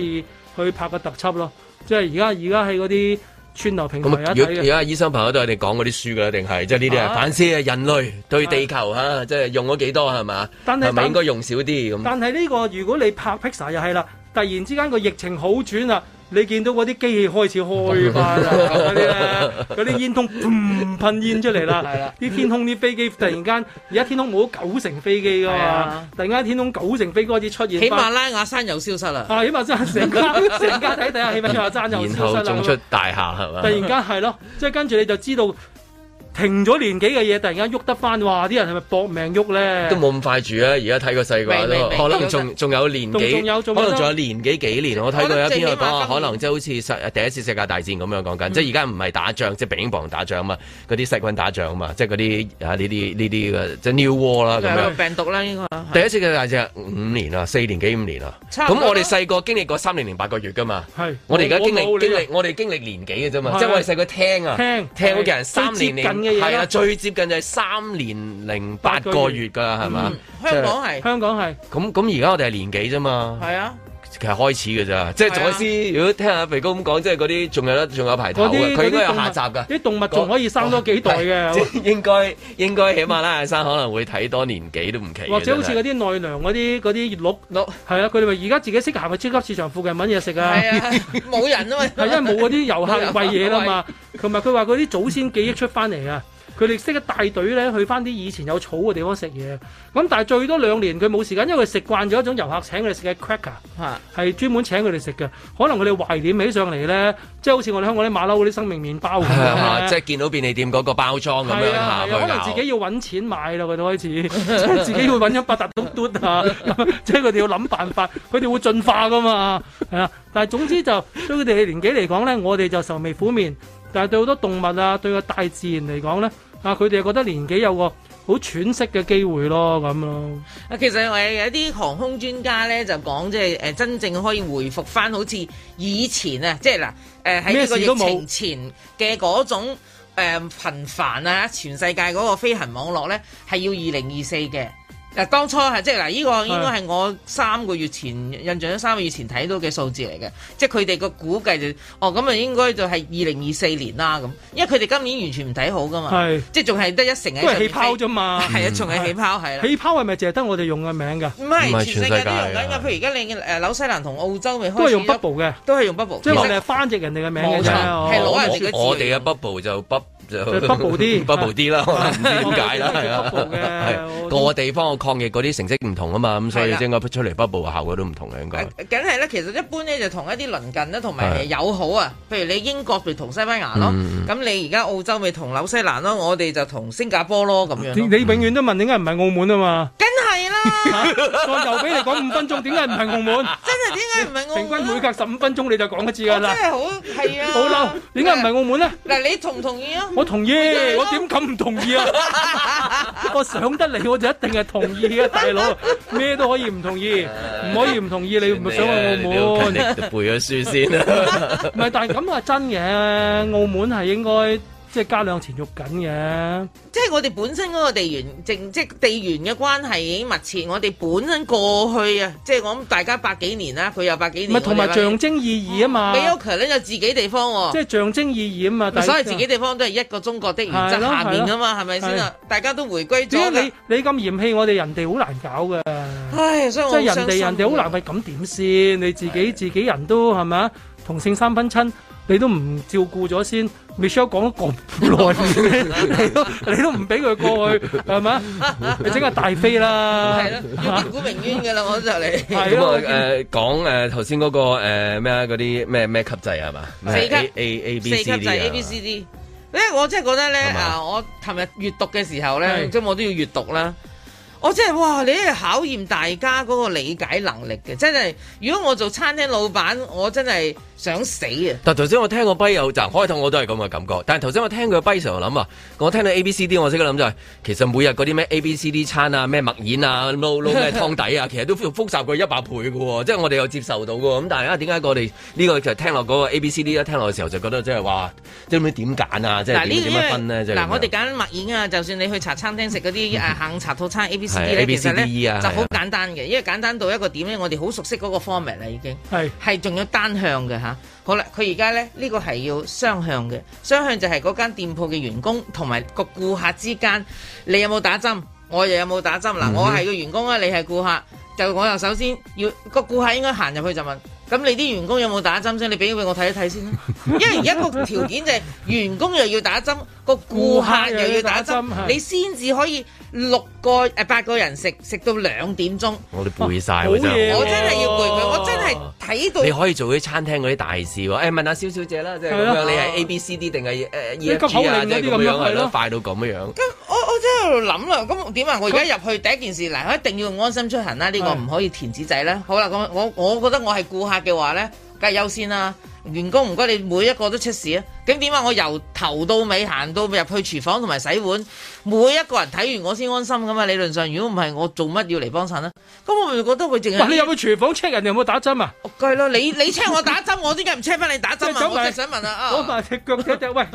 去拍個特輯咯，即係而家而家喺嗰啲串流平台，而家醫生朋友都係哋講嗰啲書一定係，即係呢啲係反思啊，人類對地球即係、啊啊即係、用咗幾多係咪？係咪應該用少啲咁？但係呢、呢個如果你拍 pizza 又係啦，突然之間個疫情好轉啦。你見到嗰啲機器開始開返啦，嗰啲嗰啲煙筒砰噴，噴煙出嚟啦，係啦，啲天空啲飛機突然間而家天空冇九成飛機㗎嘛，突然間天空九成飛機開始出現。喜馬拉雅山又消失啦，啊！喜馬山成家成家睇睇下喜馬拉雅山又消失啦。然後出大廈係嘛？突然間係咯，即係跟住你就知道。停咗年幾嘅嘢，突然間喐得翻，話啲人係咪搏命喐咧？都冇咁快住啊！而家睇個細個都，可能仲仲有，有年幾，可能仲有年幾幾年。我睇過有邊個講啊，可能即、就、係、是、好似第一次世界大戰咁樣講緊、嗯，即係而家唔係打仗，即係病菌搏人打仗啊嘛，嗰啲細菌打仗啊嘛，即係嗰啲呢啲呢啲即係 new w o r l、嗯、d 啦咁樣。這個、病毒啦，第一次世界大戰五、嗯、年啊，四年幾五年啊。咁我哋細個經歷過三年零八個月㗎嘛？係。我哋而家經歷經歷，我哋、這個、經，經歷年幾嘅啫嘛？即係我哋細個聽啊，聽聽屋企人三年年。係啊，最接近就係三年零八個月噶啦，係、嗯、嘛？香港係，香港係。咁咁而家我哋係年幾啫嘛？係啊。其實開始嘅咋，即係祖先。如果聽阿肥哥咁講，即係嗰啲仲有得，仲有排頭嘅。佢應該有下集㗎。啲動物仲可以生多幾代嘅、哦。應該應該起碼啦，阿生可能會睇多年幾 都唔奇。或者好似嗰啲奈良嗰啲嗰啲鹿鹿，係、no. 啊，佢哋咪而家自己識行去超級市場附近揾嘢食啊？冇、啊、人啊嘛。係、 啊啊、 因為冇嗰啲遊客餵嘢啦嘛，同埋佢話嗰啲祖先記憶出翻嚟啊。佢哋識得帶隊咧去翻啲以前有草嘅地方食嘢，咁但係最多兩年佢冇時間，因為佢食慣咗一種遊客請佢哋食嘅 cracker，係專門請佢哋食嘅，可能佢哋懷念起上嚟咧，即係好似我哋香港啲馬騮嗰啲生命麵包咁樣，啊啊，即係見到便利店嗰個包裝咁樣下、啊、去、啊啊、可能自己要揾錢買啦，佢哋開始，自己會揾咗八達通嘟啊， 即係佢哋要諗辦法，佢哋會進化噶嘛，係啊，但係總之就對佢哋嘅年紀嚟講咧，我哋就愁眉苦面，但係對好多動物啊，對個大自然嚟講咧。啊！佢哋又覺得年紀有個好喘息嘅機會咯，咁咯。啊，其實我有啲航空專家咧，就講即係誒真正可以回復翻好似以前啊，即係嗱誒喺呢個疫情前嘅嗰種誒頻繁啊，全世界嗰個飛行網絡咧，係要二零二四嘅。誒，當初係即係嗱，依、這個應該係我三個月前印象咗三個月前睇到嘅數字嚟嘅，即係佢哋個估計就，哦咁啊應該就係二零二四年啦咁，因為佢哋今年完全唔睇好噶嘛，係即係仲係得一成嘅。都係氣泡啫嘛，係、嗯、啊，仲係氣泡係啦。氣泡係咪淨係得我哋用嘅名㗎？唔係，全世界都用緊㗎。譬如而家你誒、呃、紐西蘭同澳洲未開？都係用 bubble 嘅，都係用 bubble，即係我哋係翻譯人哋嘅名㗎啫，係攞人哋嘅字。我哋嘅 bubble 就就北部啲，北部啲啦，可能唔知點解啦，係啊，係、啊啊啊啊、各個地方嘅抗疫嗰啲成績唔同啊嘛，咁、啊、所以應該出嚟北部嘅效果都唔同嘅應該、啊。梗係咧，其實一般咧就同一啲鄰近咧，同埋友好啊，譬如你英國咪同西班牙咯，咁、嗯、你而家澳洲咪同紐西蘭咯，我哋就同新加坡咯咁樣咯。你永遠都問點解唔係澳門啊嘛？再留俾你講五分鐘，點解唔係澳門？真係點解唔係澳門？平均每隔十五分鐘你就講一次噶啦。真係好，係啊。好囉，點解唔係澳門咧？嗱，你同唔同意啊？我同意，我點敢唔同意啊？我上得嚟我就一定係同意啊，大佬，咩都可以唔同意，唔可以唔同意你唔想去澳門？你背咗書先啦，唔係，但係咁係真嘅，澳門係應該。即係加兩錢肉緊嘅，即係我哋本身嗰個地緣，即即地緣嘅關係已經密切。我哋本身過去啊，即係我諗大家百幾年啦，佢有百幾年。唔係同埋象徵意義啊嘛，嗯、美國咧有自己地方、啊，即係象徵意義啊嘛但。所以自己地方都係一個中國的原則的下面啊嘛，係咪先啊？大家都回歸咗。如果你你咁嫌棄我哋，人哋好難搞嘅，唉，所以我即係人哋人哋好難為，係咁點先？你自己自己人都係咪啊？同姓三分親。你都唔照顧咗先，Michelle 講咗咁耐，你都你都唔俾佢過去，係咪 你整下大飛啦，要擊鼓鳴冤嘅啦， 我就你。咁啊誒，講誒頭先嗰個咩嗰啲咩咩級制係嘛？四級、啊、A, A A B C D，四級制 A B C D。呢我真係覺得咧啊！我尋日閱讀嘅時候咧，即係我都要閱讀啦。我真係哇！你係考驗大家嗰個理解能力嘅，真係。如果我做餐廳老闆，我真係。想死啊！但係頭先我聽個跛友就開頭，我都係咁嘅感覺。但係頭先我聽佢個跛時，我諗啊，我聽到 A B C D，我即刻諗就係、是、其實每日嗰啲咩 A B C D 餐啊、咩麥燕啊、撈撈咩湯底啊，其實都複雜過一百倍嘅喎、哦，即係我哋有接受到嘅。咁但係啊、這個，點解我哋呢個就聽落嗰個 A B C D 一聽落嘅時候就覺得即係話，即係唔知點揀啊，即係點樣分呢？啊」嗱、就是，我哋揀麥燕啊，就算你去茶餐廳食嗰啲誒下午茶套餐 A B C D 就好簡單嘅、啊，因為簡單到一個點咧，我哋好熟悉嗰個 format 已經係仲有單向嘅好啦，佢而家呢，呢、呢個係要雙向嘅，雙向就係嗰間店鋪嘅員工同埋個顧客之間，你有冇打針？我又有冇打針？嗱，我係個員工啊，你係顧客，就我又首先要個顧客應該行入去就問，咁你啲員工有冇打針先？你俾俾我睇一睇先， 因為而家個條件就係、是、員工又要打針，個顧客又要打針，打針你先至可以。六個誒八個人食食到兩點鐘，我哋背晒，我真係要背佢，我真係睇到。你可以做啲餐廳嗰啲大事喎，誒問下蕭小姐啦，即係咁樣，你係 A B C D 定係 E F G 啊，即係咁樣係咯，快到咁樣。我我真係喺度諗啦，咁點啊？我而家入去第一件事，嗱，我一定要安心出行啦。呢個唔可以填紙仔啦。好啦，咁我我覺得我係顧客嘅話咧，梗係優先啦。員工唔該，你每一個都出事啊？咁點啊？我由頭到尾行到入去廚房同埋洗碗。每一個人睇完我先安心噶嘛？理論上如果唔係我做乜要嚟幫襯呢？咁我咪覺得佢淨係。你有冇廚房 check 人有冇？有冇打針啊？係咯，你你 check 我打針，我點解唔 check 翻你打針啊？我就想問啦啊！攞埋隻腳只喂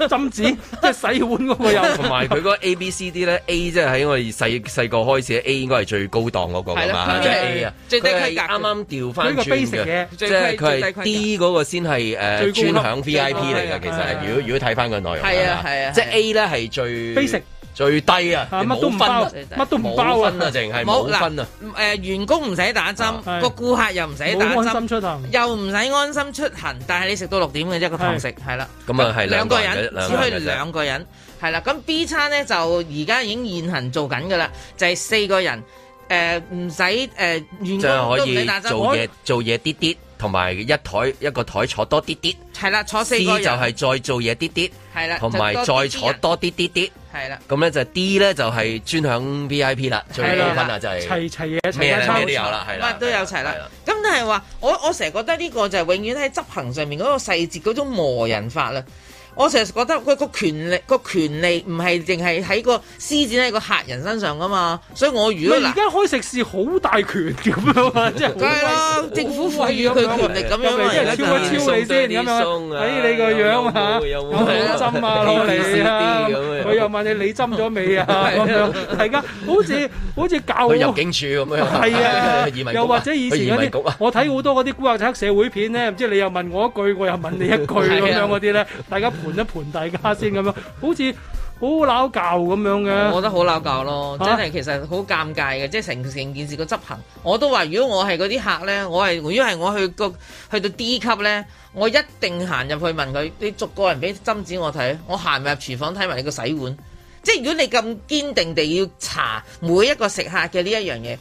針紙，即係洗碗嗰個又同埋佢個 A B C D 咧，A 即係喺我細細個開始 A 應該係最高檔嗰個噶嘛？係 A 啊，最低規格係啱啱調翻轉嘅，即係佢係 D 嗰個先係誒尊享 V I P 嚟噶，其實如果如果睇翻個內容係啊係啊，即係、啊、 A 咧係最。最低啊，乜都唔包，乜都唔包啊，淨係冇分啊！誒，員工唔使打針，個顧客又唔使打針，又唔使安心出行。但係你食到六點嘅啫，個堂食係啦。咁啊，係啦，兩個人，只可以兩個人。係啦，咁 B 餐咧就而家已經現行做緊㗎啦，就係四個人誒，唔使誒員工都唔使打針，做嘢做嘢啲啲，同埋一台一個台坐多啲啲。係啦，坐四個人就係再做嘢啲啲，係啦，同埋再坐多啲啲啲。係啦，咁咧就 D 咧就係專享 V I P 啦，最高分啦，就係，就係齊齊嘢，咩咩都有啦，係啦，都有齊啦。咁但係話，我我成日覺得呢個就係永遠喺執行上面嗰個細節嗰種磨人法啦。嗯我成日覺得個個權力、個權力唔係淨係喺個施展喺個客人身上噶嘛，所以我如果而家開食肆好大權咁樣啊，即、就、係、是、政府賦予佢權力咁樣嚟，即係超唔超你先咁樣？睇你個樣啊，我會有,有啊？攞啊！又問你：你針咗未啊？ 有沒有 大家好似好似舊 去入境處咁樣，係啊！又或者以前嗰啲，我睇好多嗰啲古惑仔黑社會片咧，即係你又問我一句，我又問你一句咁樣嗰啲咧，大家。盤一盤大家先咁樣，好似好撈教咁樣嘅，我覺得好撈教咯，真係其實好尷尬嘅，即係成成件事個執行，我都話如果我係嗰啲客咧，我係如果係我去個去到 D 級咧，我一定行入去問佢，你逐個人俾針紙我睇，我行入廚房睇埋你個洗碗。即係如果你咁堅定地要查每一個食客嘅呢一樣嘢，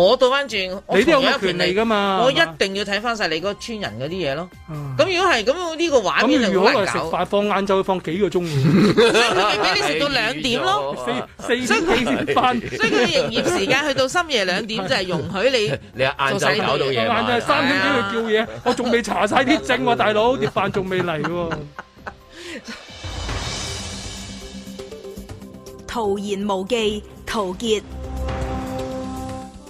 我倒翻轉，你都有權利㗎嘛？我一定要睇翻晒你嗰村人嗰啲嘢咯。咁、嗯、如果係咁，呢個畫面，度得如果嚟食飯，放晏晝，放幾個鐘？ 所以佢俾你食到兩點咯。 點 所以四點飯，所以佢營業時間去到深夜兩點，就係、是、容許你晏晝搞到嘢。晏 晝三點幾去叫嘢，啊、 我仲未查晒啲證喎、啊，大佬啲 飯仲未嚟喎。徒言無忌，陶傑。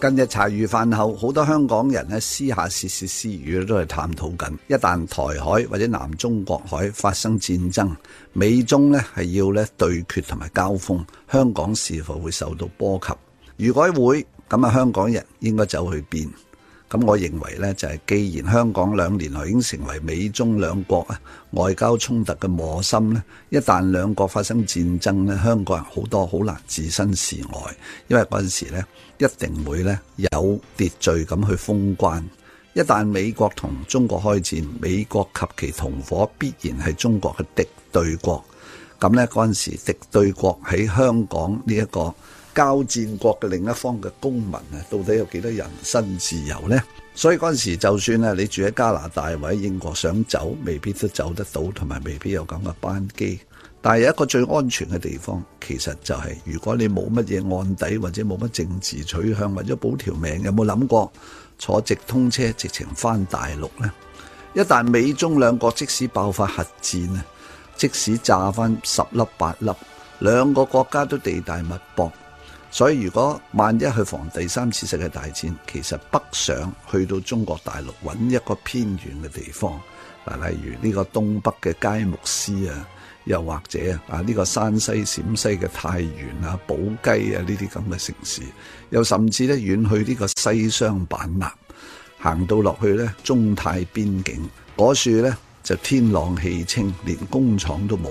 近日茶餘飯後，好多香港人咧私下竊竊私語都係探討緊，一旦台海或者南中國海發生戰爭，美中咧係要咧對決同埋交鋒，香港是否會受到波及？如果會，咁啊香港人應該走去邊？咁我認為咧，就係、是、既然香港兩年來已經成為美中兩國啊外交衝突嘅磨心咧，一旦兩國發生戰爭咧，香港人好多好難置身事外，因為嗰陣時咧一定會咧有秩序咁去封關。一旦美國同中國開戰，美國及其同伙必然係中國嘅敵對國。咁咧嗰陣時敵對國喺香港呢、這、一個。交戰國嘅另一方嘅公民啊，到底有幾多人身自由呢？所以嗰陣時，就算你住喺加拿大或者英國想走，未必都走得到，同埋未必有咁嘅班機。但係有一個最安全嘅地方，其實就係如果你冇乜嘢案底或者冇乜政治取向，或者保條命，有冇諗過坐直通車直情翻大陸呢？一旦美中兩國即使爆發核戰啊，即使炸翻十粒八粒，兩個國家都地大物博。所以如果萬一去防第三次世界大戰，其實北上去到中國大陸揾一個偏遠嘅地方，嗱，例如呢個東北嘅佳木斯啊，又或者啊，呢個山西、陝西嘅太原啊、寶雞啊呢啲咁嘅城市，又甚至咧遠去呢個西雙版納，行到落去咧中泰邊境，嗰處咧就天朗氣清，連工廠都冇。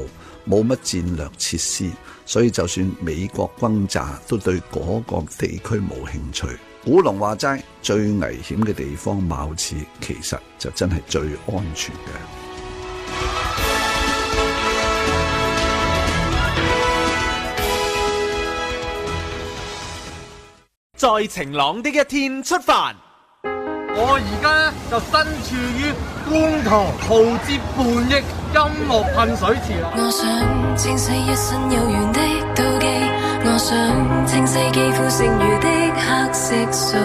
冇乜戰略設施，所以就算美國轟炸，都對嗰個地區冇興趣。古龍話齋，最危險嘅地方，貌似其實就真係最安全嘅。在晴朗的一天出發。我而家就身處於觀塘豪擲半億音樂噴水池啦。我想清洗一身幽怨的妒忌，我想清洗肌膚剩餘的黑色素。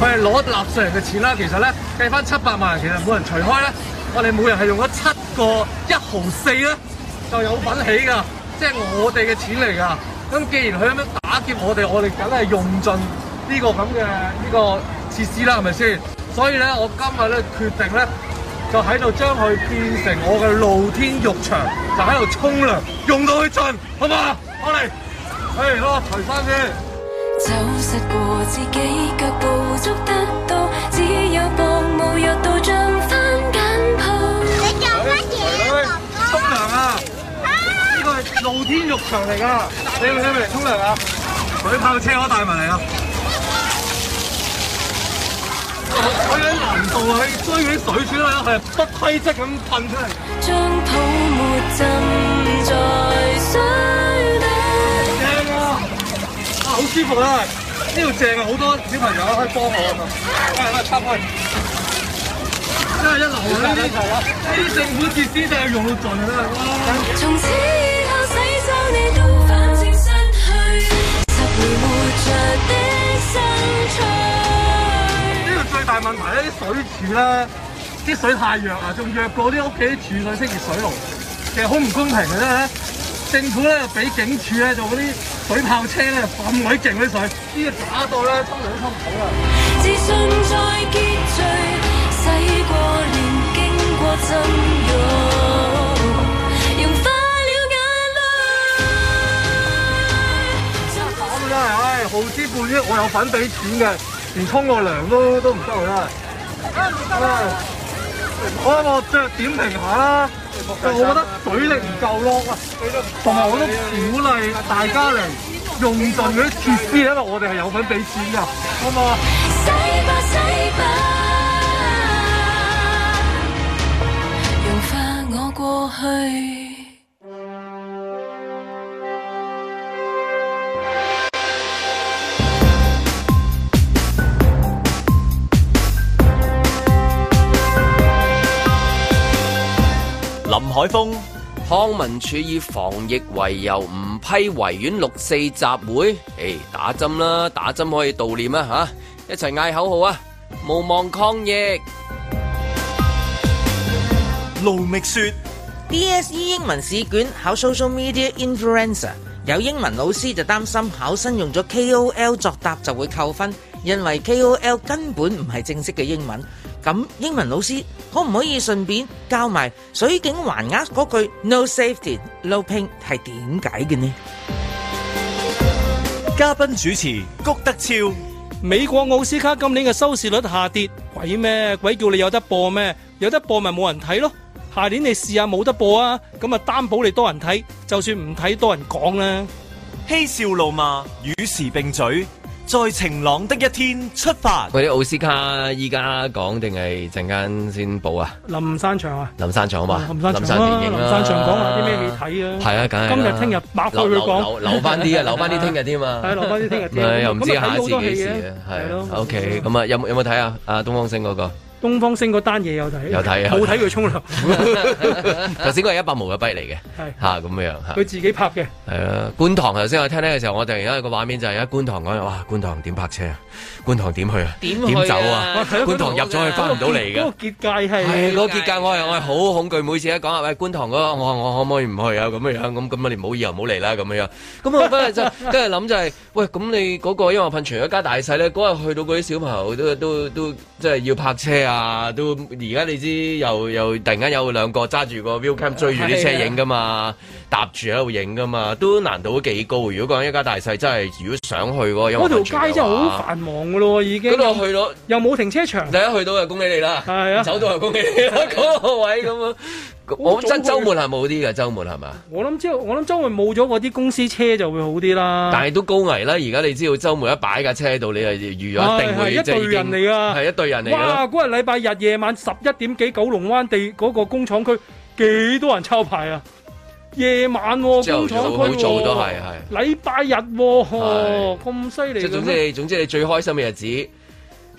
佢係攞納稅人嘅錢啦，其實咧計翻七百萬人，其實每人除開咧，我哋每人係用咗七個一毫四咧，就有份起噶，即係我哋嘅錢嚟噶。咁既然佢咁樣打劫我哋，我哋梗係用盡呢個咁嘅呢個。意思啦，係咪先？所以咧，我今日咧決定咧，就喺度將佢變成我嘅露天浴場，就喺度沖涼，用到佢盡，好唔好啊？好，嚟，誒，我抬翻先。走實過自己腳步，觸得到，只有薄霧入到帳翻緊鋪。你做乜嘢？沖涼啊！呢個係露天浴場嚟噶，你嚟唔嚟？沖涼啊！水泡車我都帶埋嚟啊！佢喺淋浴器追啲水先啦，係不規則咁噴出嚟。正啊！啊，好舒服啊！呢度正啊，好多小朋友可以幫我啊！喂喂，插開，真係一流啊！呢啲政府設施真係用到盡啊！哇！從此以後，洗手。大問題咧，啲水柱咧，啲水太弱啊，仲弱過啲屋企啲柱水式熱水爐，其實好唔公平嘅啫。政府咧，俾警署咧做嗰啲水炮車咧，噴鬼勁啲水，呢個打到咧，沖涼都沖唔到啦。咁真係，唉，耗資半億，我有份俾錢嘅。連沖個涼都都唔得啦！我我著點評下啦，即係我覺得水力唔夠咯，同埋我都鼓勵大家嚟用盡嗰啲設施，因為我哋係有份俾錢㗎，好唔好！海峰，康文署以防疫為由唔批維園六四集會，誒打針啦，打針可以悼念啊吓，一齊嗌口號啊，無望抗疫。盧覓雪，DSE 英文試卷考 social media influencer，有英文老師就擔心考生用咗 KOL 作答就會扣分，因為 KOL 根本唔係正式嘅英文。咁英文老師可唔可以順便教埋水景環呃嗰句 No safety, no pain 係點解嘅呢？嘉賓主持谷德超，美國奧斯卡今年嘅收視率下跌，鬼咩？鬼叫你有得播咩？有得播咪冇人睇咯。下年你試下冇得播啊，咁啊擔保你多人睇，就算唔睇多人講啦。嬉笑怒罵，與時並嘴。在晴朗的一天出發。啲奧斯卡，依家講定係陣間先補啊？林山場啊？林山場啊嘛？林山電影啊？林山長講下啲咩戲睇啊？係啊，梗係、啊、今日、聽日，百倍去講，留翻啲 啊，留翻啲聽日添啊。係 留翻啲聽日唔知下一次多戲啊！係 OK，咁啊，okay, 有冇有冇睇啊？有有啊，東方星嗰、那個。東方星嗰單嘢有睇，有睇 啊，冇睇佢沖涼。頭先嗰係一百毛嘅幣嚟嘅，係嚇咁樣。佢自己拍嘅。係啊，觀塘頭先我聽聽嘅時候，我突然間個畫面就係一觀塘嗰度，哇！觀塘點泊車啊？觀塘點去啊？點、啊、走啊，啊？觀塘入咗去翻唔到嚟嘅。個結界係係、啊個結界，結界，我係我係好恐懼。每次一講啊，喂、哎、觀塘嗰個，我話我可唔可以唔去啊？咁樣咁咁，我哋冇意又冇嚟啦。咁樣咁我翻嚟就跟住諗就係、是，喂咁你嗰、個因為我噴泉一家大細咧，嗰日去到嗰啲小朋友都都都即係要泊車啊！啊！都而家你知又又突然間有兩個揸住個 viewcam 追住啲車影，噶嘛，搭住喺度影噶嘛，都難度都幾高。如果講一家大細，真係如果想去嗰個，嗰條街真係好繁忙噶咯，已經嗰去到又冇停車場。第一去到就恭喜你啦，係啊，啊走到就恭喜你啦，嗰、啊、 個位咁啊。 我真周末係冇啲嘅，周末係嘛？我諗知，我諗周末冇咗嗰啲公司車就會好啲啦。但係都高危啦，而家你知道，周末一擺架車喺度，你係預約一定會係。一隊人嚟噶，係一隊人嚟。哇！嗰日禮拜日夜晚十一點幾，九龍灣地嗰個工廠區幾多人抄牌啊？夜晚、啊、工廠區喎，禮拜日喎、啊，咁犀利！即、啊、總之，總之你最開心嘅日子。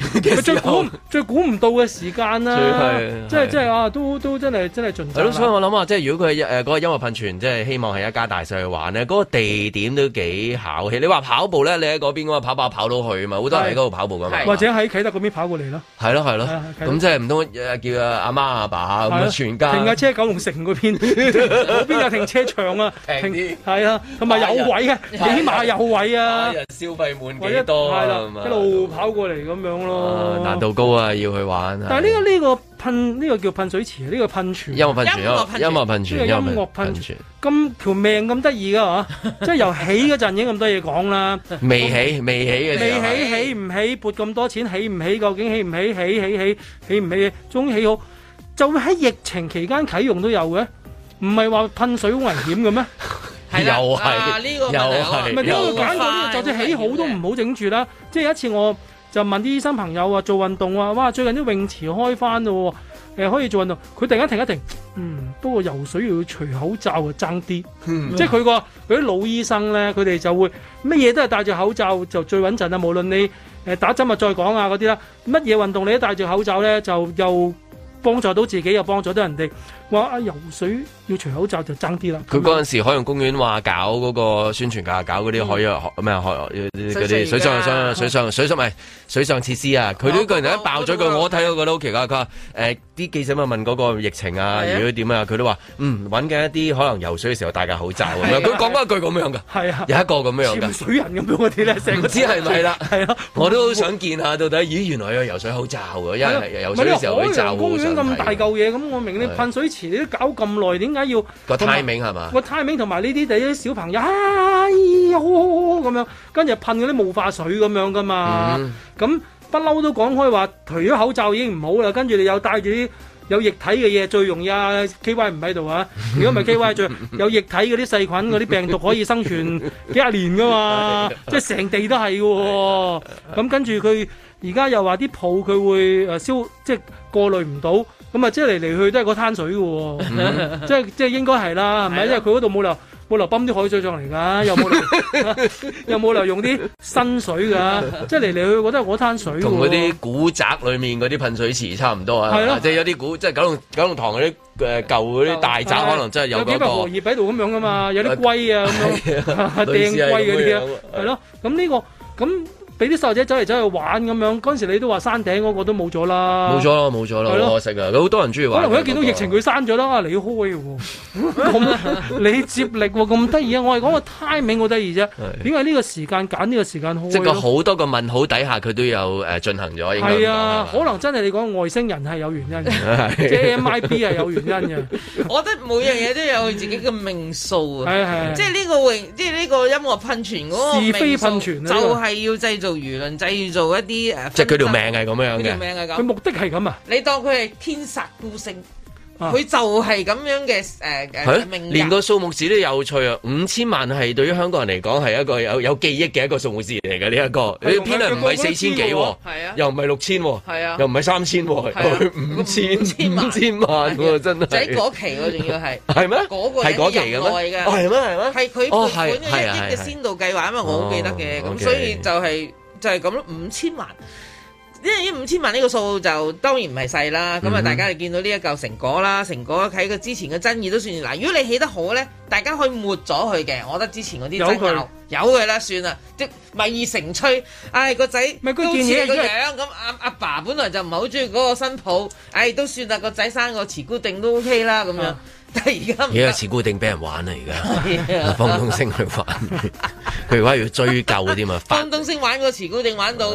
最估猜 最估唔到嘅時間啦、啊，即係即係啊，都都，都真係真係盡責。所以我諗啊，即係如果佢誒、呃嗰個音樂噴泉，即係希望係一家大細去玩呢嗰、嗰個地點都幾巧。你話跑步咧，你喺嗰邊嘅話，跑跑跑到去啊嘛，好多人喺嗰度跑步噶嘛。或者喺啟德嗰邊跑過嚟咯。係咯係咯，咁即係唔通叫阿阿媽阿爸咁啊全家停架車九龍城嗰邊，嗰 邊有停車場啊， 停係啊，同埋有位嘅，起碼有位啊。消費滿幾多、啊？係啦，一路跑過嚟咁樣咯啊、難度高啊，要去玩啊！但係、呢、呢個呢、呢個噴呢、呢個叫噴水池，呢、呢個噴泉，音樂噴泉，音樂噴泉，音樂噴泉，咁條命咁得意嘅嗬！ 即係由起嗰陣已經咁多嘢講啦，未起未起未起起唔起撥咁多錢，起唔起？究竟起唔起？起起起起唔起？終起、起、起好，就會喺疫情期間啟用都有嘅，唔係話噴水好危險嘅咩？又係，呢個問題又點解唔係呢個揀過，就算起好都唔好整住啦。即係有一次我。就問啲醫生朋友啊，做運動啊，哇！最近啲泳池開翻咯，誒、呃、可以做運動。佢突然間停一停，嗯，不過游水又要除口罩啊，爭啲、嗯。即係佢個佢啲老醫生咧，佢哋就會乜嘢都係戴住口罩就最穩陣啊。無論你、呃、打針啊、再講啊嗰啲啦，乜嘢運動你都戴住口罩咧，就又幫助到自己，又幫助到人哋。話啊游水要除口罩就爭啲啦！佢嗰陣時海洋公園話搞嗰個宣傳架，搞嗰啲海洋海咩海啲水上、水上、水上、水上咪水上設施啊！佢都突然間、啊啊、爆咗句，啊、我睇到覺得好奇怪。佢話誒啲記者咪問嗰個疫情啊，啊如果點啊？佢都話嗯揾緊一啲可能游水嘅時候戴架口罩。佢講、啊、一句咁樣噶，係啊，有一個咁樣噶潛水人咁樣嗰啲咧，唔 知係咪係啦，係 啊，我都想見下到底。咦，原來有游水口罩嘅、啊，因為遊水嘅時候可以罩、啊、海洋公園咁大嚿嘢，咁我明你噴水你都搞咁耐，點解要？個太明係嘛？個太明同埋呢啲第一小朋友，哎，好好好咁樣，跟住噴嗰啲霧化水咁樣噶嘛。咁不嬲都講開話，除咗口罩已經唔好啦，跟住你又戴住啲有液體嘅嘢，最容易啊！K Y 唔喺度啊，如果唔係 K Y，最 有液體嗰啲細菌、嗰啲病毒可以生存幾十年噶嘛，即係成地都係喎。咁 跟住佢而家又話啲泡佢會誒消，即係過濾唔到。咁啊、 嗯，即係嚟嚟去都係嗰灘水㗎喎，即係即係應該係啦，唔係咪？因為佢嗰度冇理由冇理由泵啲海水上嚟㗎，又冇理由，又冇理由用啲新水㗎？ 即係嚟嚟去去都係嗰灘水。同嗰啲古宅裏面嗰啲噴水池差唔多啊，即係有啲古，即係九龍九龍塘嗰啲誒舊嗰啲大宅，可能真係有幾個。有幾百荷葉喺度咁樣啊嘛，有啲龜啊咁樣，掟龜嗰啲啊，係咯。咁 呢、呢個咁。俾啲細路仔走嚟走去玩咁樣，嗰陣時你都話山頂嗰個都冇咗啦，冇咗啦冇咗啦，好可惜呀，好多人中意玩。可能佢一見到疫情，佢閂咗啦，你要開喎，啊。 咁 你接力喎、啊，咁得意啊！我係講個 timing 好得意啫，點解呢個時間揀呢個時間好？即係個好、就是、多個問號底下，佢都有誒進行咗。係啊，可能真係你講外星人係有原因嘅，即係 MIB 係有原因嘅。 我覺得每樣嘢都有佢自己嘅命數啊。係係，即係呢個即係呢個音樂噴泉是非噴泉就係要製造輿論，製造一啲誒。即係佢條命係咁樣嘅，佢目的係咁啊！ 你當佢係天煞孤星。佢、啊、就係咁樣嘅誒誒，連個數目字都有趣啊！五千萬係對於香港人嚟講係一個有有記憶嘅一個數目字嚟嘅呢一個，佢偏係唔係四千幾喎、哦？嗯、啊，又唔係六千喎、哦？啊，又唔係三千喎、哦？佢、啊、五千五，五千萬喎、啊啊！真係喺嗰期喎、啊，仲要係係咩？係嗰期嘅咩？係咩係咩？係佢、哦、原本嘅先導計劃啊嘛、啊！我好記得嘅，咁、哦 okay、所以就係、係、就係、係、咁五千萬。因為呢五千萬呢個數就當然唔係細啦，咁、嗯、啊大家就見到呢一嚿成果啦，成果喺佢之前嘅爭議都算係，嗱如果你起得好咧，大家可以抹咗佢嘅，我覺得之前嗰啲爭拗有佢啦，算啦，即係咪成吹？唉、哎，個仔都似個樣咁，阿阿、啊、爸爸本來就唔係好中意嗰個新抱，唉、哎，都算啦，個仔生個慈姑定都 OK 啦，咁樣。啊。而家持固定俾人玩啦，而家方東昇去玩，佢而家要追究啲嘛？方東昇玩個持固定玩到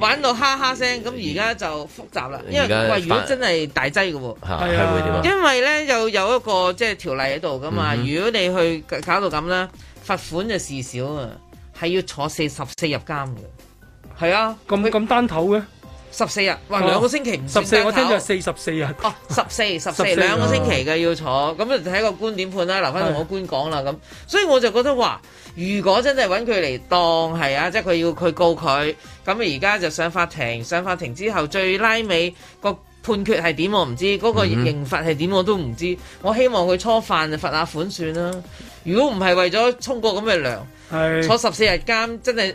玩到哈哈聲，咁而家就複雜啦。因為喂，如果真係大劑嘅喎，係會點啊？因為咧又有一個即係條例喺度噶嘛，嗯嗯，如果你去搞到咁咧，罰款就事少啊，係要坐四十四入監嘅。係啊，咁咁單頭嘅。十四日，哇！兩個星期唔十四，我聽係四十四日。哦，十四十四兩個星期嘅要坐，咁 就睇個官點判啦，啊，留翻同個官講啦咁。所以我就覺得話，如果真係揾佢嚟當係啊，即係佢要佢告佢，咁而家就上法庭，上法庭之後最拉尾個判決係點我唔知，嗰，那個刑罰係點我都唔知，嗯。我希望佢初犯就罰下款算啦，啊。如果唔係為咗沖過咁嘅涼，坐十四日監真係。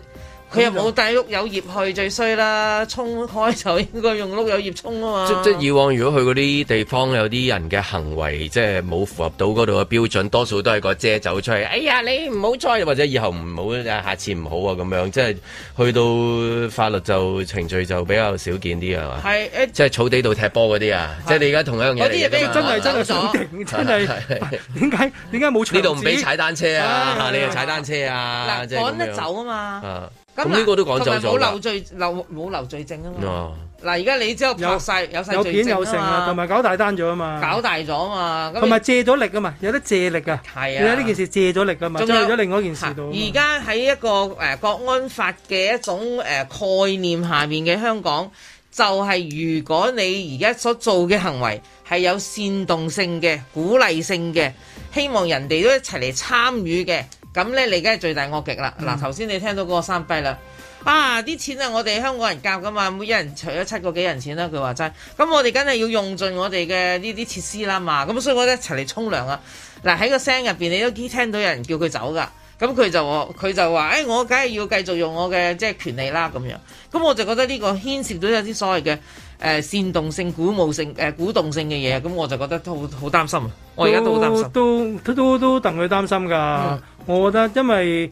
佢又冇帶碌柚葉去最衰啦，沖開就應該用碌柚葉沖啊嘛。即即以往如果去嗰啲地方有啲人嘅行為，即係冇符合到嗰度嘅標準，多數都係個遮走出嚟。哎呀，你唔好再，或者以後唔好，下次唔好啊咁樣。即係去到法律就程序就比較少見啲啊嘛。係即係草地度踢波嗰啲啊，即係你而家同一樣嘢嗰啲嘢真係真係爽，真係點解點解冇？呢度唔俾踩單車啊！啊啊啊你又踩單車啊？就是、趕得走啊嘛！啊咁呢個都講就咗，冇留罪，留冇留罪證啊嘛。嗱，而家你之後拍晒，有晒，有片有，有，有成啊，同埋搞大單咗啊嘛，搞大咗啊嘛，同埋借咗力啊嘛，有得借力㗎！係啊，而家呢件事借咗力啊嘛，做咗另外一件事，而家喺一個誒、呃、國安法嘅一種誒、呃、概念下面嘅香港，就係、是、如果你而家所做嘅行為係有煽動性嘅，鼓勵性嘅，希望人哋都一齊嚟參與嘅。咁咧，你而家梗係罪大惡極啦！嗱、嗯，頭先你聽到嗰個生碑啦，啊啲錢啊，我哋香港人夾噶嘛，每一人除咗七個幾人錢啦，佢話齋。咁我哋梗係要用盡我哋嘅呢啲設施啦嘛。咁所以我哋一齊嚟沖涼啊！嗱，喺個聲入面，你都已經聽到有人叫佢走噶。咁佢就我佢就話，誒、哎，我梗係要繼續用我嘅即係權利啦，咁樣。咁我就覺得呢個牽涉到有啲所謂嘅誒煽動性、鼓舞性、誒、呃、鼓動性嘅嘢，咁我就覺得都好擔心啊！我而家都好擔心，都都都都戥佢擔心噶、嗯。我覺得因為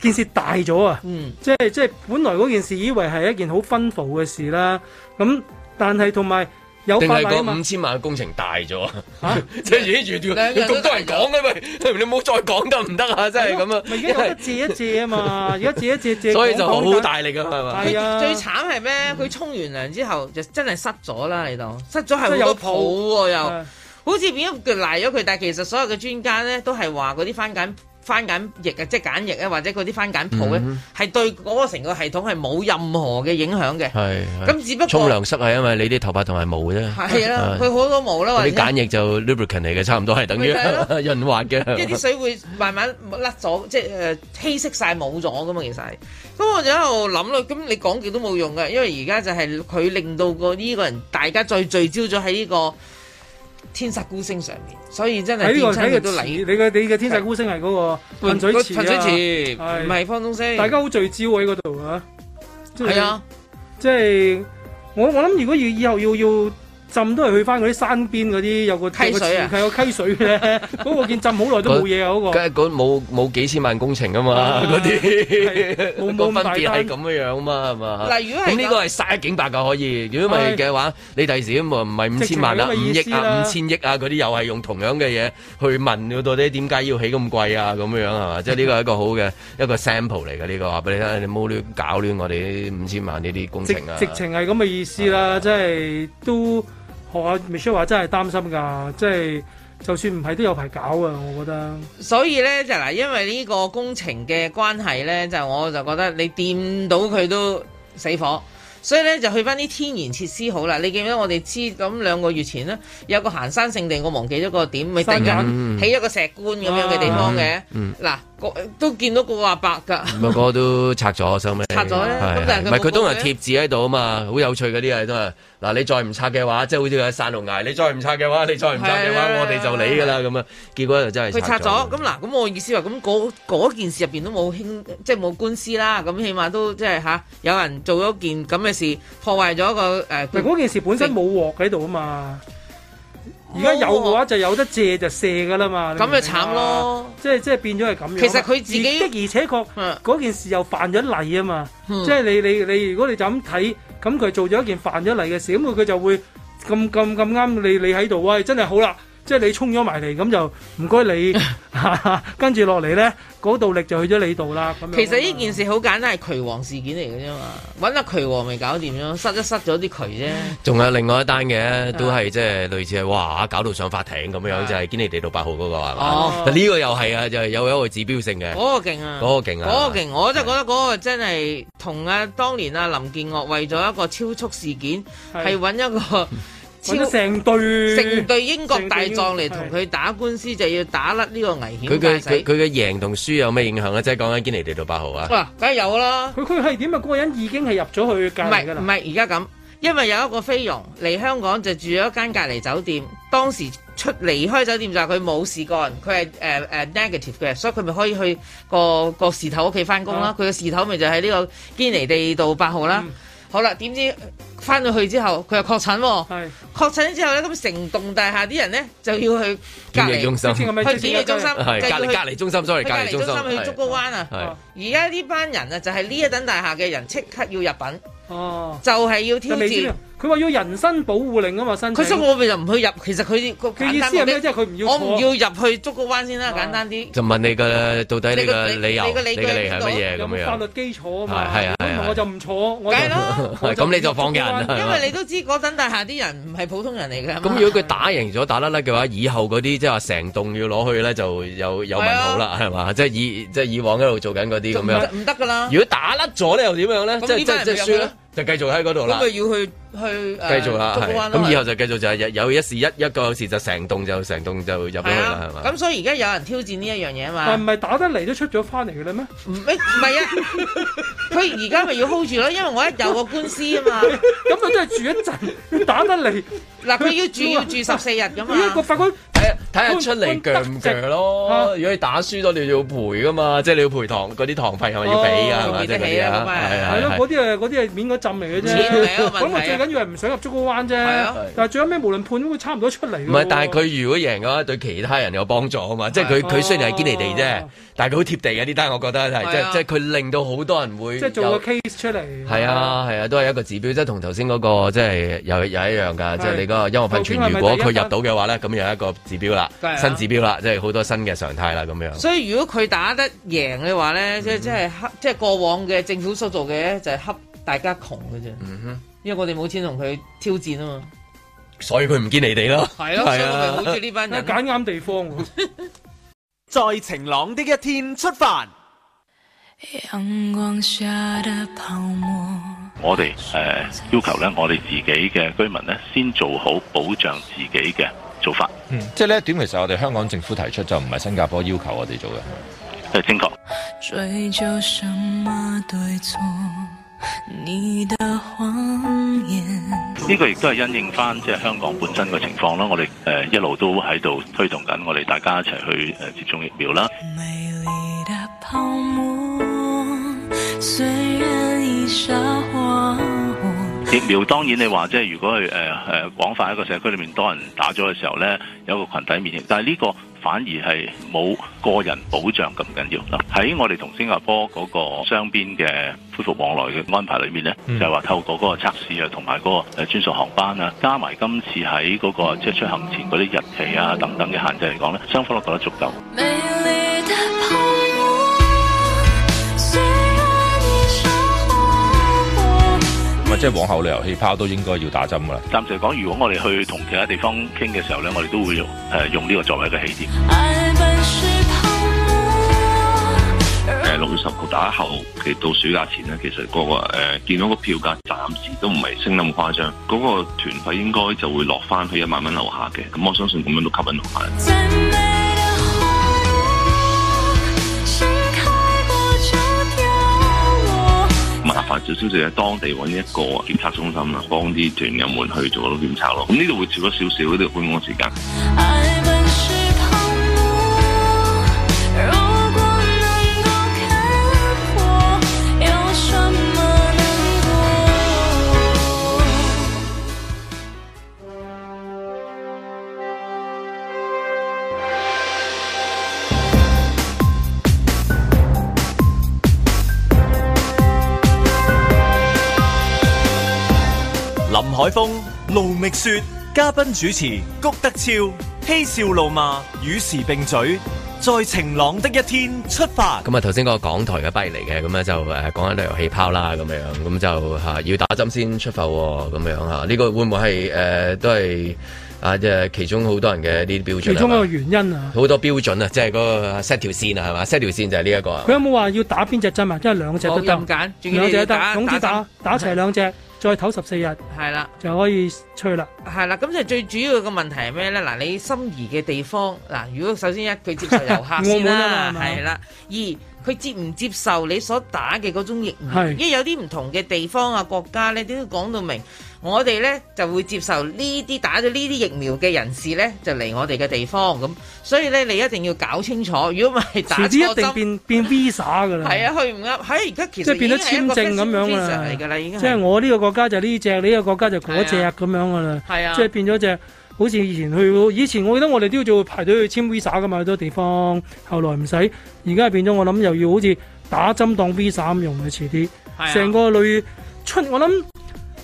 件事大咗啊，嗯，即係即係本來嗰件事以為係一件好分部嘅事啦，咁但係同埋。有份咪定係個五千萬嘅工程大咗嚇？即係如住住，咁 多人講嘅咪，啊、 你唔好再講得唔得啊？真係咁啊！咪 已有截一借一借啊嘛！而家借一借借，截一截一 所以就好大力噶係嘛？佢、啊、最慘係咩？佢沖完涼之後就真係濕咗啦，你度濕咗係好多泡、嗯、泡、泡又，好似變咗佢嚟咗佢，但係其實所有嘅專家咧都係話嗰啲番梘。番枧液啊，即係枧液啊，或者嗰啲番枧鋪咧，係對嗰個成個系統係冇任何嘅影響嘅。係，咁只不過沖涼濕係因為你啲頭髮同埋毛啫。係啦，佢好多毛啦。你枧液就 lubricant 嚟嘅，差唔多係等於潤滑嘅。一啲水會慢慢甩咗，即係誒稀釋晒冇咗噶嘛，其實係。咁我就喺度諗啦，咁你講極都冇用噶，因為而家就係佢令到個呢個人大家再聚焦咗喺呢個。天煞孤星上面，所以真係睇睇嘅都嚟、這個。你嘅你嘅天煞孤星係嗰個噴水池啊！噴水池唔係方東昇，大家好聚焦喺嗰度啊！係啊，即係、啊、我我諗如果要以後要要。浸都係去翻嗰啲山邊嗰啲有個溪水啊，有溪水嘅咧，嗰個見浸好耐都冇嘢啊，嗰 水、啊 嗰個梗係冇冇幾千萬工程㗎嘛，嗰、哎、啲 沒 個分別係咁嘅樣啊嘛，係嘛、呢個？例如呢個係殺一儆百嘅可以，如果唔係嘅話，你第時唔係五千萬啦，五億啊、五、啊、千億啊嗰啲、啊、又係用同樣嘅嘢去問到底咧，點解要起咁貴啊？咁樣係嘛？即係呢個係一個好嘅一個 sample 嚟嘅呢個，俾你睇，你冇亂搞亂我哋啲五千萬呢啲工程啊！直情係咁嘅意思啦、啊啊，即係都。學、oh，下 Michelle 話真係擔心㗎，即、就、係、是、就算唔係都有排搞啊！我覺得。所以咧，就嗱，因為呢個工程嘅關係咧，就我就覺得你掂到佢都死火。所以咧，就去返啲天然設施好啦。你記唔記得我哋知咁兩個月前呢，有個行山勝地，我忘記咗個點，咪突然間起，嗯嗯嗯，一個石棺咁樣嘅地方嘅。嗱，嗯嗯啊，都見到個阿伯㗎。個個都拆咗收咪？拆咗咧，唔係佢都係貼字喺度啊嘛，好有趣嗰啲嘢都係。嗱，啊，你再唔拆嘅話，即係好似喺山路崖，你再唔拆嘅話，你再唔拆嘅話，話我哋就你㗎啦咁啊。結果就真係佢拆咗。咁嗱，咁我意思話，咁嗰件事入邊都冇興，即係冇官司啦。咁起碼都即係吓，有人做咗件咁嘅。事破壞咗個誒，嗰、呃、件事本身冇鑊喺度啊嘛，而家有嘅話就有得借就射噶啦嘛，咁咪慘咯，即係即係變咗係咁樣。其實佢自己的而且確嗰件事又犯咗例啊嘛，嗯、即係你你你如果你就咁睇，咁佢做咗一件犯咗例嘅事，咁佢佢就會咁咁咁啱你你喺度，喂，真係好啦。即係你衝咗埋嚟，咁就唔該你， 跟住落嚟咧，嗰道力就去咗你度啦。這其實呢件事好簡單，係渠王事件嚟嘅啫嘛，揾阿、啊、渠王咪搞掂咯，塞一塞咗啲渠啫。仲有另外一單嘅，都係即係類似係哇，搞到上法庭咁樣就係、是、堅尼地道八號嗰、那個係呢、哦、個又係啊，就係、是、有一個指標性嘅。嗰、那個勁啊！嗰、那個勁啊！嗰、那個勁，我真係覺得嗰個真係同阿、啊、當年阿、啊、林建岳為咗一個超速事件係揾一個。 成對成對英國大狀嚟同佢打官司，官司就要打甩呢個危險。佢嘅佢嘅贏同輸有咩影響啊？即係講緊堅尼地道八號啊！哇，梗係有啦。佢佢係點啊？嗰個人已經係入咗去隔，唔係唔係而家咁，因為有一個菲傭嚟香港就住咗間隔離酒店。當時出離開酒店就係佢冇事幹，佢係、uh, uh, negative 嘅，所以佢咪可以去個個事頭屋企翻工啦。佢、啊、嘅事頭咪就喺呢個堅尼地道八號啦、嗯。好啦，點知？翻到去之後，佢又確診，確診之後咧，咁成棟大廈啲人咧就要去隔離中，中，中，中，中心，去檢疫中心，隔離中心，所以隔離中心去竹篙灣啊！而家呢班人，人啊，就係呢一等大廈嘅人，即刻要入稟，就係要挑戰。佢話要人身保護令啊嘛，新。佢話我哋就唔去入，其實佢意思係咩？即係佢唔要我唔要入去竹篙灣先啦，啊，簡單啲。就問你嘅到底你嘅理由，你嘅理由係乜嘢咁樣？法律基礎啊嘛，係啊係我就唔坐，我梗係囉。咁你就放假。因為你都知嗰陣大廈啲人唔係普通人嚟嘅。咁如果佢打贏咗打甩甩嘅話，以後嗰啲即係話成棟要攞去咧、啊，就有有問號啦，係嘛？即係以即係以往一路做緊嗰啲咁樣，唔得噶啦！如果打甩咗咧，又點樣咧？即即即輸啦，就繼續喺嗰度啦。咁要去？去繼續啦，咁以後就繼續就係有一時一一個時就成棟就成棟就入咗去啦，係嘛、啊？咁所以而家有人挑戰呢一樣嘢啊嘛。但唔係打得嚟都出咗翻嚟嘅啦咩？唔、嗯，唔係啊，佢而家咪要 hold 住咯，因為我一有個官司啊嘛。咁佢都係住一陣，打得嚟嗱，佢要住要住十四日噶嘛。個法官。睇下出嚟鋸唔鋸咯，如果你打輸咗，你要賠噶嘛？即係你要賠堂嗰啲堂費係咪要俾㗎？嘛、哦，即、就、係、是。係啊，係咯、啊，嗰啲係嗰啲係免嗰陣嚟嘅啫。咁咪最緊要係唔想入竹篙灣啫。對對對對但係最尾，無論判都會差唔多出嚟。唔係，但係佢如果贏嘅話，對其他人有幫助啊嘛。即係佢佢雖然係堅尼地啫，但係佢好貼地嘅呢單，我覺得係即係佢令到好多人會即係、就是、做個 case 出嚟。係啊，係啊，都係一個指標，即係同頭先嗰個即係有又一樣㗎。即係你嗰個音樂噴泉，如果佢入到嘅話咧，咁又一個。指標啦、啊，新指標啦，即係好多新嘅常態啦，咁樣。所以如果佢打得贏嘅話咧，即係即係恰，即、就、係、是、過往嘅政府所做嘅就係恰大家窮嘅啫。嗯、哼，因為我哋冇錢同佢挑戰啊嘛。所以佢唔見你哋咯。係 咯、啊，所以咪好似呢班人揀啱、啊、地方、啊。 在晴朗一的一天出發。陽光下的泡沫。我哋誒要求咧，我哋自己嘅居民咧，先做好保障自己嘅做法，嗯，即係呢一點其實我哋香港政府提出就唔係新加坡要求我哋做嘅，係正確。呢個亦都係因應翻即係香港本身嘅情況啦。我哋誒一路都喺度推動緊，我哋大家一齊去誒接種疫苗啦。美麗的泡沫雖然已疫苗當然你話即係如果係誒、呃呃、廣泛一個社區裏面多人打咗嘅時候咧，有個群體免疫，但係呢個反而係冇個人保障咁緊要。喺我哋同新加坡嗰個雙邊嘅恢復往來嘅安排裏面咧、嗯，就係、是、話透過嗰個測試啊，同埋嗰個專屬航班啊，加埋今次喺嗰、那個即係出行前嗰啲日期啊等等嘅限制嚟講咧，雙方都覺得足夠。美麗即係往後旅遊氣泡都應該要打針噶啦。暫時嚟講，如果我哋去同其他地方傾嘅時候咧，我哋都會用誒、呃、用呢個作為一個起點。誒、呃、六月十號打後，其實到暑假前咧，其實、那個個誒見到那個票價暫時都唔係升得咁誇張，嗰、那個團費應該就會落翻去一萬蚊樓下嘅。咁我相信咁樣都吸引落嚟。做少少喺當地揾一個檢測中心啊，幫啲團友們去做攞檢測咯。咁呢度會少咗少少呢度，辦公時間。海峰盧覓雪，嘉賓主持谷德昭，嬉笑怒罵與時並嘴，在晴朗的一天出發。咁啊，頭先嗰個港台嘅 by 嚟嘅，咁咧就誒講緊旅遊氣泡啦，咁樣，咁就吓、啊、要打針先出發，咁樣吓呢、啊呢個會唔會係誒、呃、都係啊？即係其中好多人嘅呢啲標準，其中一個原因啊，好多標準啊，即係嗰個 set 條線啊，係嘛 set 條線就係呢一個。佢有冇話要打邊隻針啊？即係兩隻都得，兩隻都得，總之打打齊兩隻。打再唞十四日，係啦，就可以吹啦。係啦，咁就最主要嘅問題係咩咧？嗱，你心儀嘅地方，嗱，如果首先一佢接受遊客先啦，係 啦，二。佢接唔接受你所打嘅嗰種疫苗？因為有啲唔同嘅地方啊，國家咧，都要講到明我哋呢。我哋咧就會接受呢啲打咗呢啲疫苗嘅人士咧，就嚟我哋嘅地方咁。所以咧，你一定要搞清楚。如果唔係打，全資一定變變 visa 㗎啦。係啊，佢唔啱。係，而家其實即係變咗簽證咁樣㗎啦。即係、就是、我呢個國家就呢隻、這個，你、這、呢個國家就嗰隻咁樣㗎啦。係啊，即係、啊就是、變咗隻。好似以前去，以前我記得我哋都要做排隊去簽 visa 㗎嘛，好多地方。後來唔使，而家係變咗，我諗又要好似打針當 visa 咁用嘅，遲啲、啊。成個旅出，我諗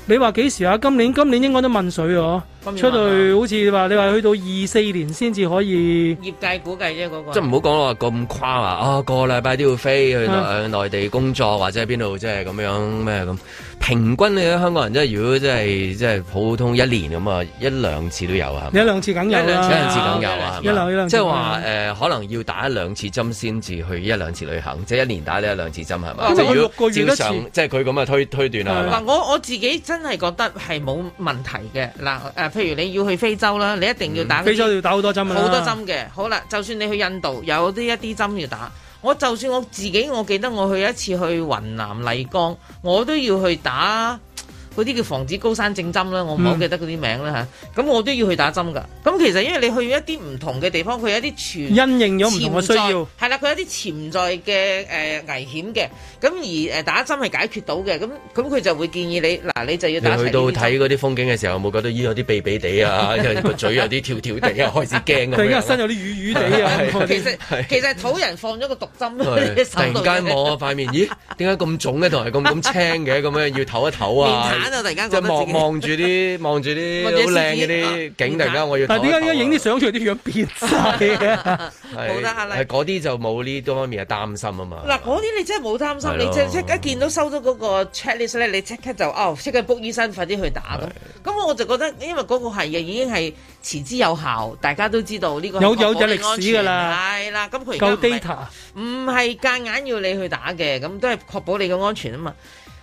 你話幾時啊？今年，今年應該都問水喎。出到好似話你話去到二四年先至可以、嗯。業界估計啫，嗰、那個。即係唔好講話咁誇話啊！個禮拜都要飛去內地工作，啊、或者喺邊度，即係咁樣咩咁？平均你香港人即係如果即係即係普通一年咁啊，一兩次都有啊。一兩次梗有啦。一兩次梗有啊。一兩一兩。即係話誒，可能要打一兩次針先至去一兩次旅行，即係一年打呢一兩次針係嘛？即係六個月一次。即係佢咁嘅推推斷啊嗱，我我自己真係覺得係冇問題嘅嗱譬如你要去非洲啦，你一定要打。非洲要打好多針啊，好多針嘅，好啦，就算你去印度，有啲一啲針要打。我就算我自己，我記得我去一次去雲南麗江，我都要去打。嗰啲叫防止高山症針啦，我唔好記得嗰啲名啦吓，咁、嗯啊、我都要去打針㗎。咁其實因為你去一啲唔同嘅地方，佢有啲潛在因應咗唔同嘅需要。係啦，佢有啲潛在嘅誒、呃、危險嘅。咁而誒打針係解決到嘅。咁咁佢就會建議你嗱，你就要打針。你去到睇嗰啲風景嘅時候，有冇覺得咦有啲痺痺地啊？因為個嘴有啲跳跳地、啊，開始驚咁樣。身有啲瘀瘀地啊， 其實 其實土人放咗個毒針 突然間望下塊面，咦？點解咁腫咧？同埋咁咁青嘅，咁樣要唞一唞啊！ 即係望望住啲望住啲好靚啲景，突然間我要，但係點解一影啲相出嚟啲樣變晒嘅？係嗰啲就冇呢多方面嘅擔心啊嘛。嗱、啊，嗰啲你真係冇擔心，你即係即係見到收到嗰個 checklist 咧，你即刻就哦，即刻 book 醫生快啲去打咁。咁我就覺得，因為嗰個係嘅，已經係持之有效，大家都知道呢個有有咗歷史噶啦，係啦。咁佢、夠、data，唔係夾硬要你去打嘅，咁都係確保你嘅安全啊嘛。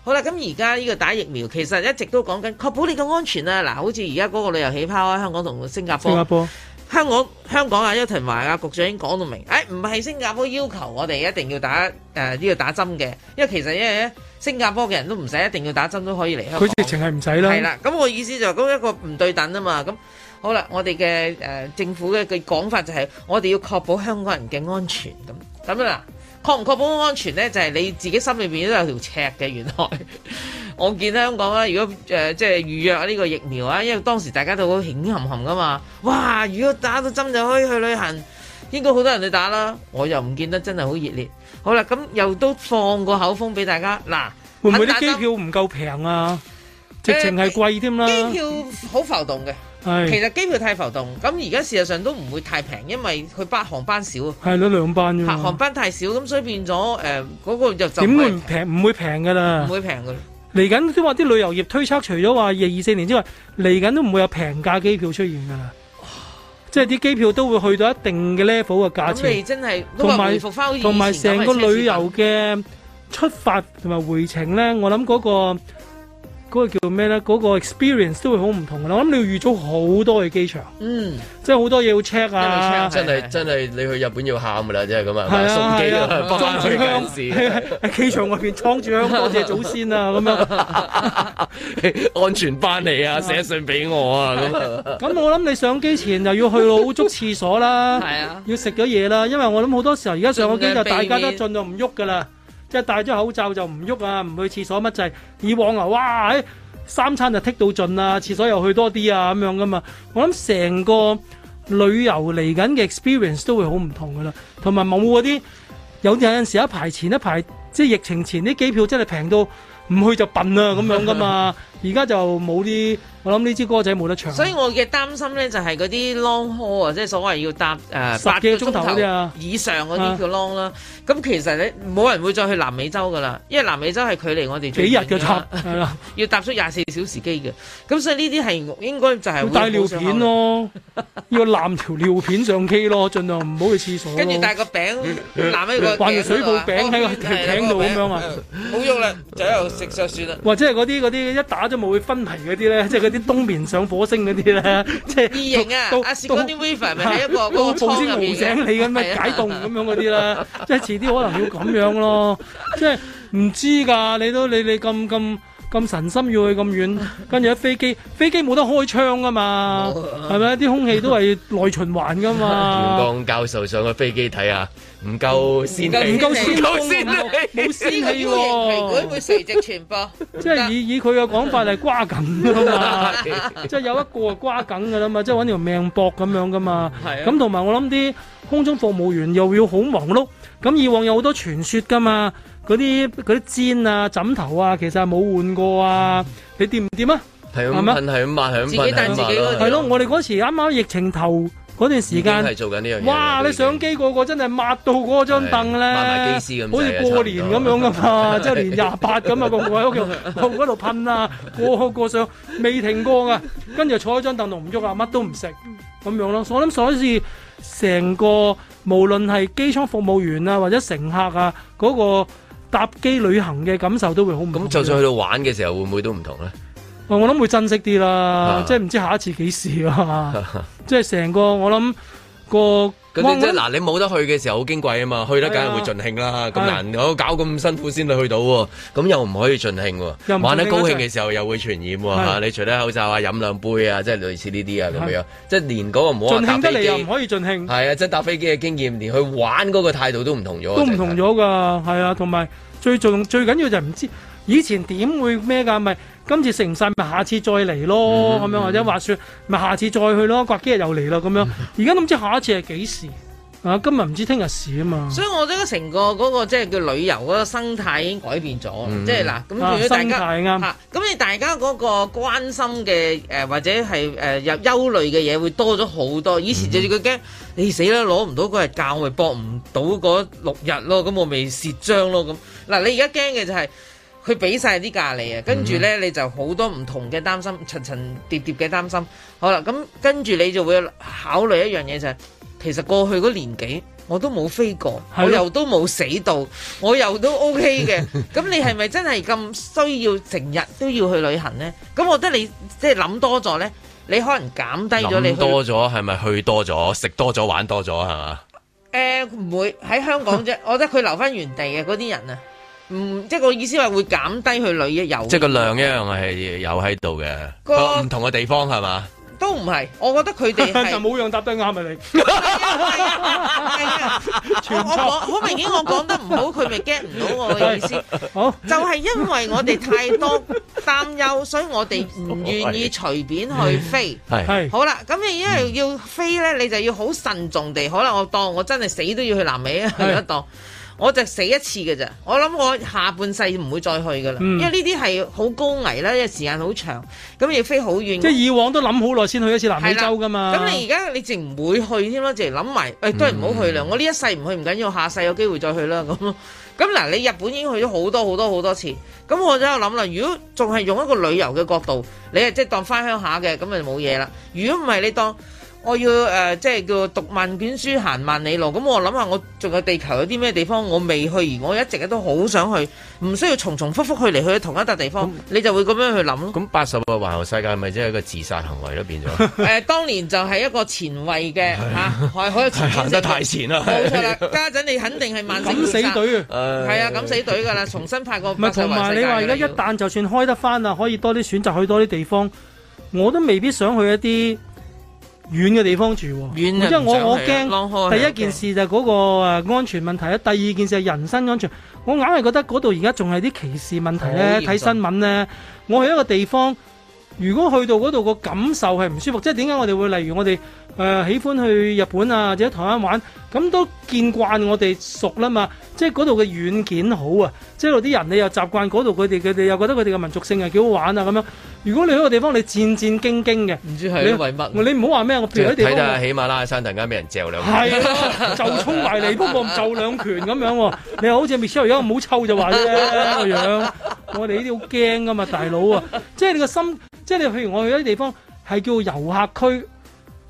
好啦，咁而家呢個打疫苗其實一直都講緊確保你嘅安全，啊、啦。嗱，好似而家嗰個旅遊氣泡啊，香港同新，新加坡，香港香港啊，邱騰華啊，局長已經講到明，誒、哎，唔係新加坡要求我哋一定要打誒呢個打針嘅，因為其實因為咧，新加坡嘅人都唔使一定要打針都可以嚟香港，佢直情係唔使啦。係啦，咁我意思就係，是、講一個唔對等啊嘛。咁好啦，我哋嘅誒政府嘅講法就係，是、我哋要確保香港人嘅安全咁咁啊。確唔確保安全呢？就係、是、你自己心裏邊都有條尺嘅。原來 我見香港啦，如果誒、呃、即係預約呢個疫苗啊，因為當時大家都好輕閒閒噶嘛。哇！如果打到針就可以去旅行，應該好多人去打啦。我又唔見得真係好熱烈。好啦，咁又都放個口風俾大家。嗱，會唔會啲機票唔夠平啊？嗯、直情係貴添啦。機票好浮動嘅。其實機票太浮動，咁而家事實上都唔會太平，因為佢班航班少。係咯，兩班啫。航班太少，咁所以變咗誒，嗰、呃嗰個就點會平？唔會平噶啦，唔會平噶啦。嚟緊都話啲旅遊業推測，除咗話二二四年之外，嚟緊都唔會有平價機票出現噶啦。即係啲機票都會去到一定嘅 level 嘅價錢。你真係同埋同埋成個旅遊嘅出發同埋回程咧，我諗嗰、嗰個。嗰、那個叫咩咧？嗰、那個 experience 都會好唔同嘅，我諗你要預早好多去機場，嗯，即係好多嘢要 check 啊！真係真係你去日本要喊嘅啦，真係咁啊！送機啊，啊啊時啊啊機裝著箱子喺機場外邊裝住香子，多、嗯、謝，謝祖先啊！咁樣 安全翻嚟啊，啊，寫信俾我啊！咁咁、啊、 我諗你上機前就要去老足廁所啦，係啊，要食咗嘢啦，因為我諗好多時候而家上機就大家都盡量唔喐嘅啦。即係戴咗口罩就唔喐啊，唔去廁所乜滯。以往啊，哇，三餐就剔到盡啊，廁所又去多啲啊，咁樣噶嘛。我諗成個旅遊嚟緊嘅 experience 都會好唔同噶啦，同埋冇嗰啲有有，有時陣時一排前，一排即係疫情前啲機票真係平到唔去就笨啊，咁樣噶嘛。而家就冇啲。我諗呢支歌仔冇得唱，啊，所以我嘅擔心咧就係嗰啲 long haul 啊，即係所謂要搭誒八、呃、幾個鐘頭啲啊，以上嗰啲叫 long 啦。咁、嗯、其實咧冇人會再去南美洲噶啦，因為南美洲係距離我哋幾日嘅差，要搭出廿四小時機嘅。咁 所以呢啲係應該就係要帶尿片咯，要攬條尿片上機咯，盡量唔好去廁所。跟住帶個餅攬起個，或者水泡餅喺個條餅度咁樣啊，冇用啦，就喺度食就算啦。或者係嗰啲嗰啲一打就冇會分皮嗰啲咧，即係啲冬眠上火星嗰啲咧，即係異形啊！阿、啊、士哥啲 weaver 咪係一個高倉入面醒你嘅咩解凍咁樣嗰啲啦， 即係遲啲可能要咁樣咯， 即係唔知噶。你都你你咁咁咁神心要去咁遠，跟住喺飛機，飛機冇得開窗噶嘛，係 咪？啲空氣都係內循環噶嘛。袁剛教授上去飛機睇下。唔夠鮮氣，唔夠鮮氣，唔夠好鮮氣喎！疫情會會垂直傳播，即係以 以佢嘅講法係瓜梗噶嘛，即 係有一個係瓜梗噶啦嘛，即係揾條命搏咁樣噶嘛，咁同埋我諗啲空中服務員又要好忙碌，啊，咁以往有好多傳說噶嘛，嗰啲嗰啲氈啊枕頭啊其實係冇換過啊，你掂唔掂啊？係咁分享，係咁分享，自己帶自己嘅，係咯，嗯嗯，我哋嗰時啱啱疫情頭。嗰段時間，做緊呢樣嘢哇！你相機個個真係抹到嗰張凳咧，好似過年咁樣噶嘛，即係連廿八咁啊個個喺屋企度噴啊，個個上，未停過噶，跟住坐喺張凳度唔喐啊，乜都唔食咁樣咯。我諗所以成個無論係機艙服務員啊，或者乘客啊，嗰、嗰個搭機旅行嘅感受都會好唔同。咁就算去到玩嘅時候，會唔會都唔同咧？我諗會珍惜啲啦，是啊、即係唔知下一次幾時啊，是啊。即係成個我諗個，嗱你冇得去嘅時候好矜貴啊嘛，啊去得梗係會盡興啦。咁、啊、難，啊、搞咁辛苦先去到、啊，咁又唔可以盡興，啊盡興就是。玩得高興嘅時候又會傳染吓、啊啊啊，你除低口罩啊，飲兩杯啊，即係類似呢啲啊咁樣。即係連嗰個唔可以盡興得嚟又唔可以盡興。係啊，即係搭飛機嘅、啊、經驗，連去玩嗰個態度都唔同咗。都唔、就是、同咗噶，係啊，同埋最，最重最緊要就唔知以前點會咩噶，咪。今次食唔曬咪下次再嚟咯，咁樣或者話説咪下次再去咯，過幾日又嚟咯咁樣。而家都唔知下一次係幾時啊？今日唔知聽日事啊嘛。所以我覺得成個嗰個即係叫旅遊嗰個生態已經改變咗，即係嗱咁。啊，生態啱。嚇咁你大家嗰個關心嘅誒或者係誒又憂慮嘅嘢會多咗好多。以前就佢驚你死啦，攞唔到嗰日假，我咪搏唔到嗰六日咯，咁我咪蝕章咯咁。嗱，你而家驚嘅就係。佢俾晒啲價你啊，跟住呢，你就好多唔同嘅擔心，嗯、層層疊疊嘅擔心。好啦，咁跟住你就會考慮一樣嘢就係，係，其實過去嗰年紀我都冇飛過，我又都冇死到，我又都 OK 嘅。咁 你係咪真係咁需要成日都要去旅行呢？咁我覺得你即係諗多咗呢，你可能減低咗你。諗多咗係咪去多咗，食多咗，玩多咗係嘛？誒唔、呃、會喺香港啫， 我覺得佢留翻原地嘅嗰啲人啊。嗯，即係我，我意思話會減低去旅遊，即係個量一樣係有喺度嘅，個唔同嘅地方係嘛？都唔係，我覺得佢哋係冇用搭對眼咪嚟。係啊係啊，我講好明顯，我講得唔好，佢咪 get 唔到我嘅意思。好就係因為我哋太多擔憂，所以我哋唔願意隨便去飛。係好啦，咁你因為要飛咧，你就要好慎重地。可能我當我真係死都要去南美啊，去一度。我就死一次嘅咋，我諗我下半世唔會再去噶啦，嗯，因為呢啲係好高危啦，因為時間好長，咁亦飛好遠。即係以往都諗好耐先去一次南美洲噶嘛。咁你而家你淨唔會去添咯，淨係諗埋，誒、哎、都係唔好去啦，嗯。我呢一世唔去唔緊要，下世有機會再去啦。咁，咁嗱，你日本已經去咗好多好多好多次，咁我就喺度諗啦，如果仲係用一個旅遊嘅角度，你係即係當翻鄉下嘅，咁咪冇嘢啦。如果唔係你當。我要誒，呃，即係叫讀萬卷書，行萬里路。咁我諗下，我仲有地球有啲咩地方我未去，而我一直都好想去，唔需要重重複複去嚟去同一笪地方，嗯，你就會咁樣去諗咯。咁八十個環遊世界，咪即係一個自殺行為咯，變咗。誒，當年就係一個前衛嘅嚇，可 以，啊， 行得太前啦。冇錯啦，家陣你肯定係萬聖。敢死隊係，哎，啊，敢死隊噶啦， 重新拍過八十個同埋你話，而家一旦就算開得翻啦，可以多啲選擇去多啲地方，我都未必想去一啲。遠嘅地方住，即係我我驚第一件事就嗰個誒、安全問題啦，第二件事係人身安全。我硬係覺得嗰度而家仲係啲歧視問題咧，睇新聞咧，我去一個地方。如果去到嗰度個感受係唔舒服，即係點解我哋會例如我哋誒、呃、喜歡去日本啊或者台灣玩，咁都見慣我哋熟啦嘛，即係嗰度嘅軟件好啊，即係嗰啲人你又習慣嗰度佢哋佢哋又覺得佢哋嘅民族性係幾好玩啊咁樣。如果你去個地方你戰戰兢兢嘅，唔知係你為乜？你唔好話咩我跳喺條喜馬拉雅山突然間俾人錘兩下係、 啊、就衝埋嚟不過就兩拳咁樣喎、啊！你好似 Michelle 咁唔好臭就話啫個樣、啊。我哋呢啲好驚噶嘛，大佬啊！即係你個心。即係你譬如我去啲地方係叫遊客區，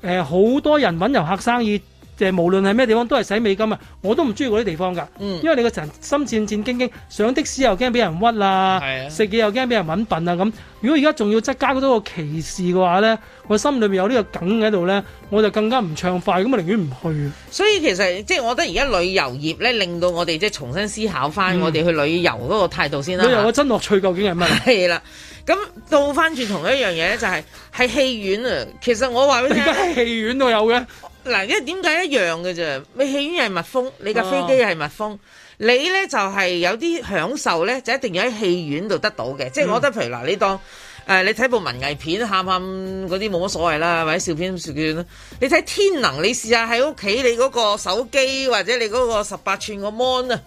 誒、好多人揾遊客生意。即係無論係咩地方都係使美金啊！我都唔中意嗰啲地方噶、嗯，因為你個人心戰戰兢兢，上的士又驚俾人屈啦、啊，食嘢又驚俾人揾笨啊咁。如果而家仲要即係加嗰多個歧視嘅話咧，我心裏面有呢個梗喺度咧，我就更加唔暢快，咁我寧願唔去。所以其實即係我覺得而家旅遊業咧令到我哋即係重新思考翻我哋去旅遊嗰個態度先啦、啊嗯。旅遊嘅真樂趣究竟係乜？係啦、啊，咁倒翻轉同一樣嘢咧就係喺戲院啊！其實我話俾你聽，而家喺戲院都有嘅。嗱，因為點解一樣嘅啫？你戲院係密封，你架飛機係密封，你咧就係、是、有啲享受咧，就一定要喺戲院度得到嘅。即係我覺得，譬如嗱，你當誒、呃、你睇部文藝片，喊喊嗰啲冇乜所謂啦，或者笑片笑片啦。你睇天能，你試下喺屋企你嗰個手機或者你嗰個十八寸個 mon 啊，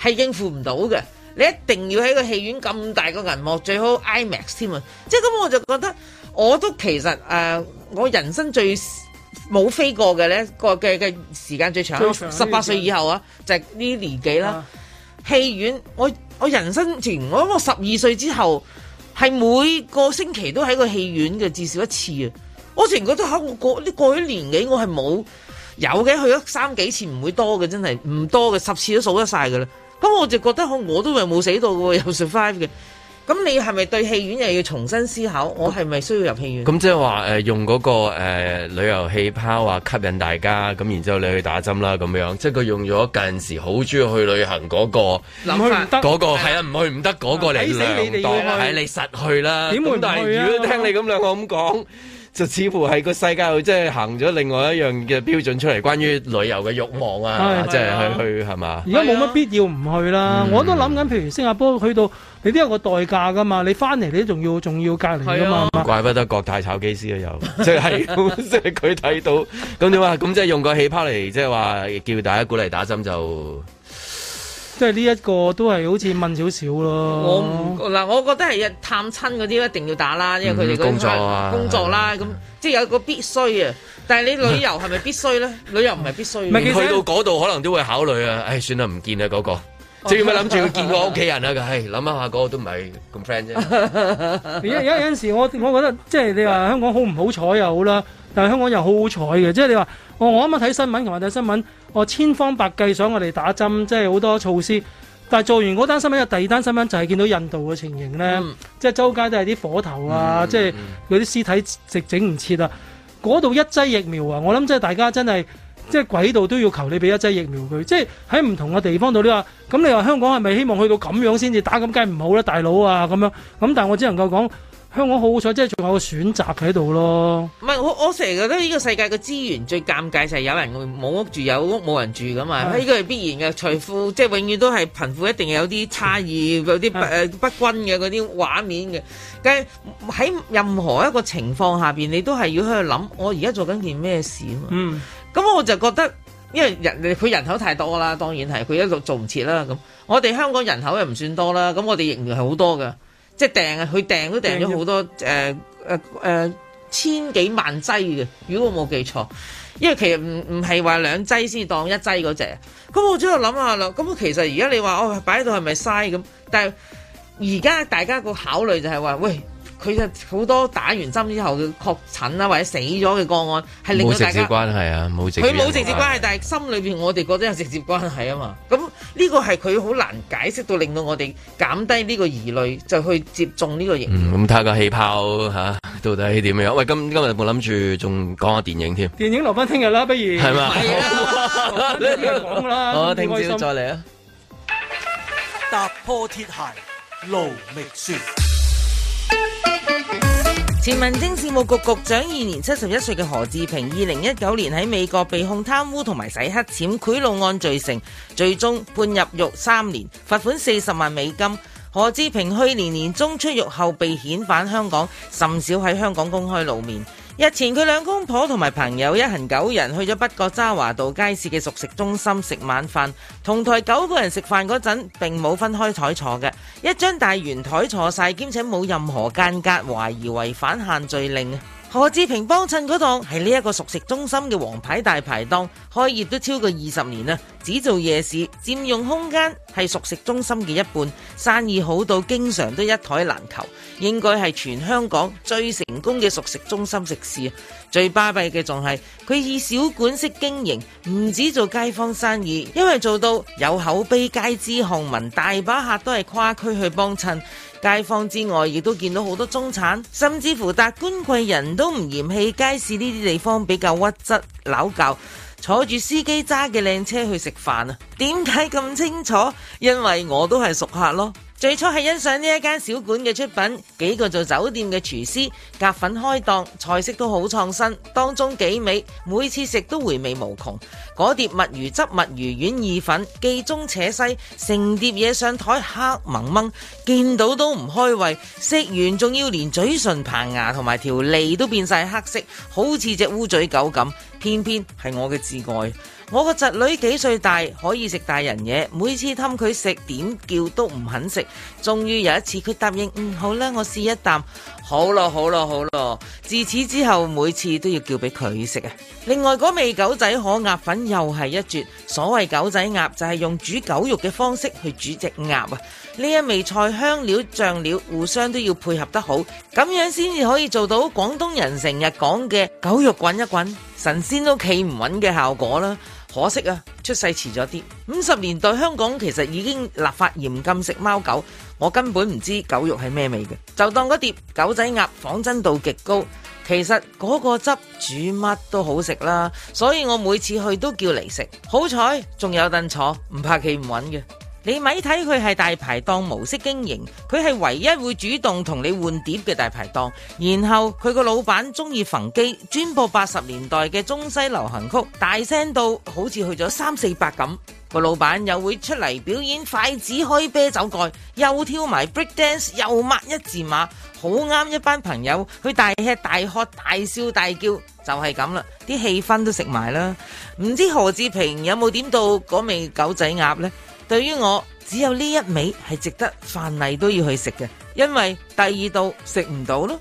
係應付唔到嘅。你一定要喺個戲院咁大個銀幕，最好 IMAX 添啊！即係咁，我就覺得我都其實誒、呃，我人生最～冇飛過嘅咧，嗰個嘅嘅時間最長，十八歲以後啊，就係呢年紀啦。戲院，我我人生前，我諗我十二歲之後，係每個星期都喺個戲院嘅至少一次啊。我突然覺得吓，我過啲過咗年紀，我係冇有嘅，去咗三幾次唔會多嘅，真係唔多嘅，十次都數得晒㗎啦。咁我就覺得，我都係冇死到嘅，有 survive 嘅。咁你係咪對戲院又要重新思考？我係咪需要入戲院？咁即係話用嗰、嗰個、呃、旅遊氣泡啊，吸引大家，咁然之後你去打針啦，咁樣，即係佢用咗近時好中意去旅行嗰、嗰個，諗去唔得嗰、嗰個，係啊，唔、啊、去唔得嗰個嚟量度、啊，你實去啦。咁、啊、但大如果聽你咁兩個咁講。就似乎係個世界，佢即係行咗另外一樣嘅標準出嚟，關於旅遊嘅慾望啊，即係、啊就是、去、啊、去係嘛？而家冇乜必要唔去啦，啊、我都諗緊，譬如新加坡去到，你都有個代價噶嘛，你翻嚟你都仲要仲要隔離噶嘛、啊。怪不得國泰炒機師啊，又即係即係佢睇到咁你話，咁即係用個氣泡嚟，即係話叫大家鼓勵打針就。即係呢一個都係好似問少少咯，我嗱，我覺得係探親嗰啲一定要打啦，因為佢哋工作工作啦，咁即係有一個必須啊。但係你旅遊係咪必須咧？ 旅遊唔係必須。唔去到嗰度可能都會考慮啊。唉、哎，算啦，唔見啦，嗰、嗰個， 只咪諗住見到屋企人啊。唉、 哎，諗下下嗰、嗰個都唔係咁 friend 啫。而 家有陣時我我覺得即係你話香港好唔好彩又好啦。但係香港又好好彩嘅，即係你話，我我啱啱睇新聞，同埋睇新聞，我千方百計想我哋打針，即係好多措施。但係做完嗰單新聞，第二單新聞就係見到印度嘅情形咧、嗯，即係周街都係啲火頭啊，嗯嗯、即係嗰啲屍體直整唔切啊，嗰度一劑疫苗啊，我諗即係大家真係即係軌道都要求你俾一劑疫苗佢，即係喺唔同嘅地方度。你話咁，你話香港係咪希望去到咁樣先至打咁？梗係唔好啦、啊，大佬啊咁樣。咁但係我只能夠講。香港好彩，即係仲有個選擇喺度咯不。唔係，我我成日覺得呢個世界嘅資源最尷尬就係有人冇屋住，有屋冇人住噶嘛。呢個係必然嘅，財富即係永遠都係貧富一定有啲差異，有啲不的、呃、不均嘅嗰啲畫面嘅。但係喺任何一個情況下邊，你都係要去度諗，我而家做緊件咩事啊？嗯，咁我就覺得，因為人佢人口太多啦，當然係佢一路做唔切啦。咁我哋香港人口又唔算多啦，咁我哋仍然係好多噶。即係訂啊，佢訂都訂咗好多誒誒、呃呃、千幾萬劑嘅，如果我冇記錯，因為其實唔唔係話兩劑先當一劑嗰隻。咁我喺度諗下啦，咁其實而家你話哦擺喺度係咪嘥咁？但係而家大家個考慮就係話，喂。佢就好多打完針之後嘅確診啦，或者死咗嘅個案，係令到大家冇直接嘅關係啊！冇佢冇直接關係，但係心裏面我哋覺得有直接關係啊嘛！咁呢個係佢好難解釋到，令到我哋減低呢個疑慮，就去接種呢個型。嗯，咁睇下個氣泡吓，到底點樣？喂，今今日冇諗住仲講下電影添。電影留翻聽日啦，不如係嘛？係 啊，講啦。我聽朝再嚟啊！踏破鐵鞋路未絕。前民政事務局局長、二年七十一歲嘅何志平，二零一九年喺美國被控貪污同埋洗黑錢賄賂案罪成，最終判入獄三年，罰款四十萬美金。何志平去年年中出獄後被遣返香港，甚少喺香港公開露面。日前佢兩公婆同埋朋友一行九人去咗北角渣華道街市嘅熟食中心食晚飯，同台九個人食飯嗰陣，並冇分開台坐嘅，一張大圓台坐晒，兼且冇任何間隔，懷疑違反限聚令。何志平幫襯嗰檔係呢一個熟食中心嘅皇牌大排檔，開業都超過二十年啦，只做夜市，佔用空間係熟食中心嘅一半，生意好到經常都一枱難求，應該係全香港最成功嘅熟食中心食肆。最巴閉嘅仲係佢以小館式經營，唔止做街坊生意，因為做到有口碑，街知巷聞，大把客都係跨區去幫襯。街坊之外，亦都見到好多中產，甚至乎達官貴人都唔嫌棄街市呢啲地方比較屈質、扭舊，坐住司機揸嘅靚車去食飯啊！點解咁清楚？因為我都係熟客咯。最初係欣賞呢一間小館嘅出品，幾個做酒店嘅廚師夾粉開檔，菜式都好創新，當中幾味，每次食都回味無窮。嗰碟墨魚汁墨魚丸意粉，既中且西，成碟嘢上枱黑蒙蒙，見到都唔開胃，食完仲要連嘴唇、棚牙同埋條脷都變晒黑色，好似隻烏嘴狗咁。偏偏係我嘅至愛。我個侄女幾歲大可以食大人嘢，每次氹佢食，點叫都唔肯食。終於有一次佢答應，嗯，好啦，我試一啖。好咯，好咯，好咯。自此之後，每次都要叫俾佢食啊。另外嗰味狗仔可鴨粉又係一絕。所謂狗仔鴨就係用煮狗肉嘅方式去煮隻鴨啊。呢一味菜，香料醬料互相都要配合得好，咁樣先至可以做到廣東人成日講嘅狗肉滾一滾，神仙都企唔穩嘅效果啦。可惜啊，出世遲咗啲。五十年代香港其實已經立法嚴禁食貓狗，我根本唔知狗肉係咩味嘅，就當嗰碟狗仔鴨，仿真度極高。其實嗰個汁煮乜都好食啦，所以我每次去都叫嚟食。好彩仲有凳坐，唔怕企唔穩嘅。你咪睇佢係大排檔模式經營，佢係唯一會主動同你換碟嘅大排檔。然後佢個老闆中意焚機，專播八十年代嘅中西流行曲，大聲到好似去咗三四百咁。個老闆又會出嚟表演筷子開啤酒蓋，又跳埋 break dance，又抹一字馬，好啱一班朋友去大吃大喝大笑大叫，就係咁啦，啲氣氛都食埋啦。唔知何志平有冇點到嗰味狗仔鴨呢？對於我，只有呢一味係值得返嚟都要去食嘅，因為第二度食唔到咯。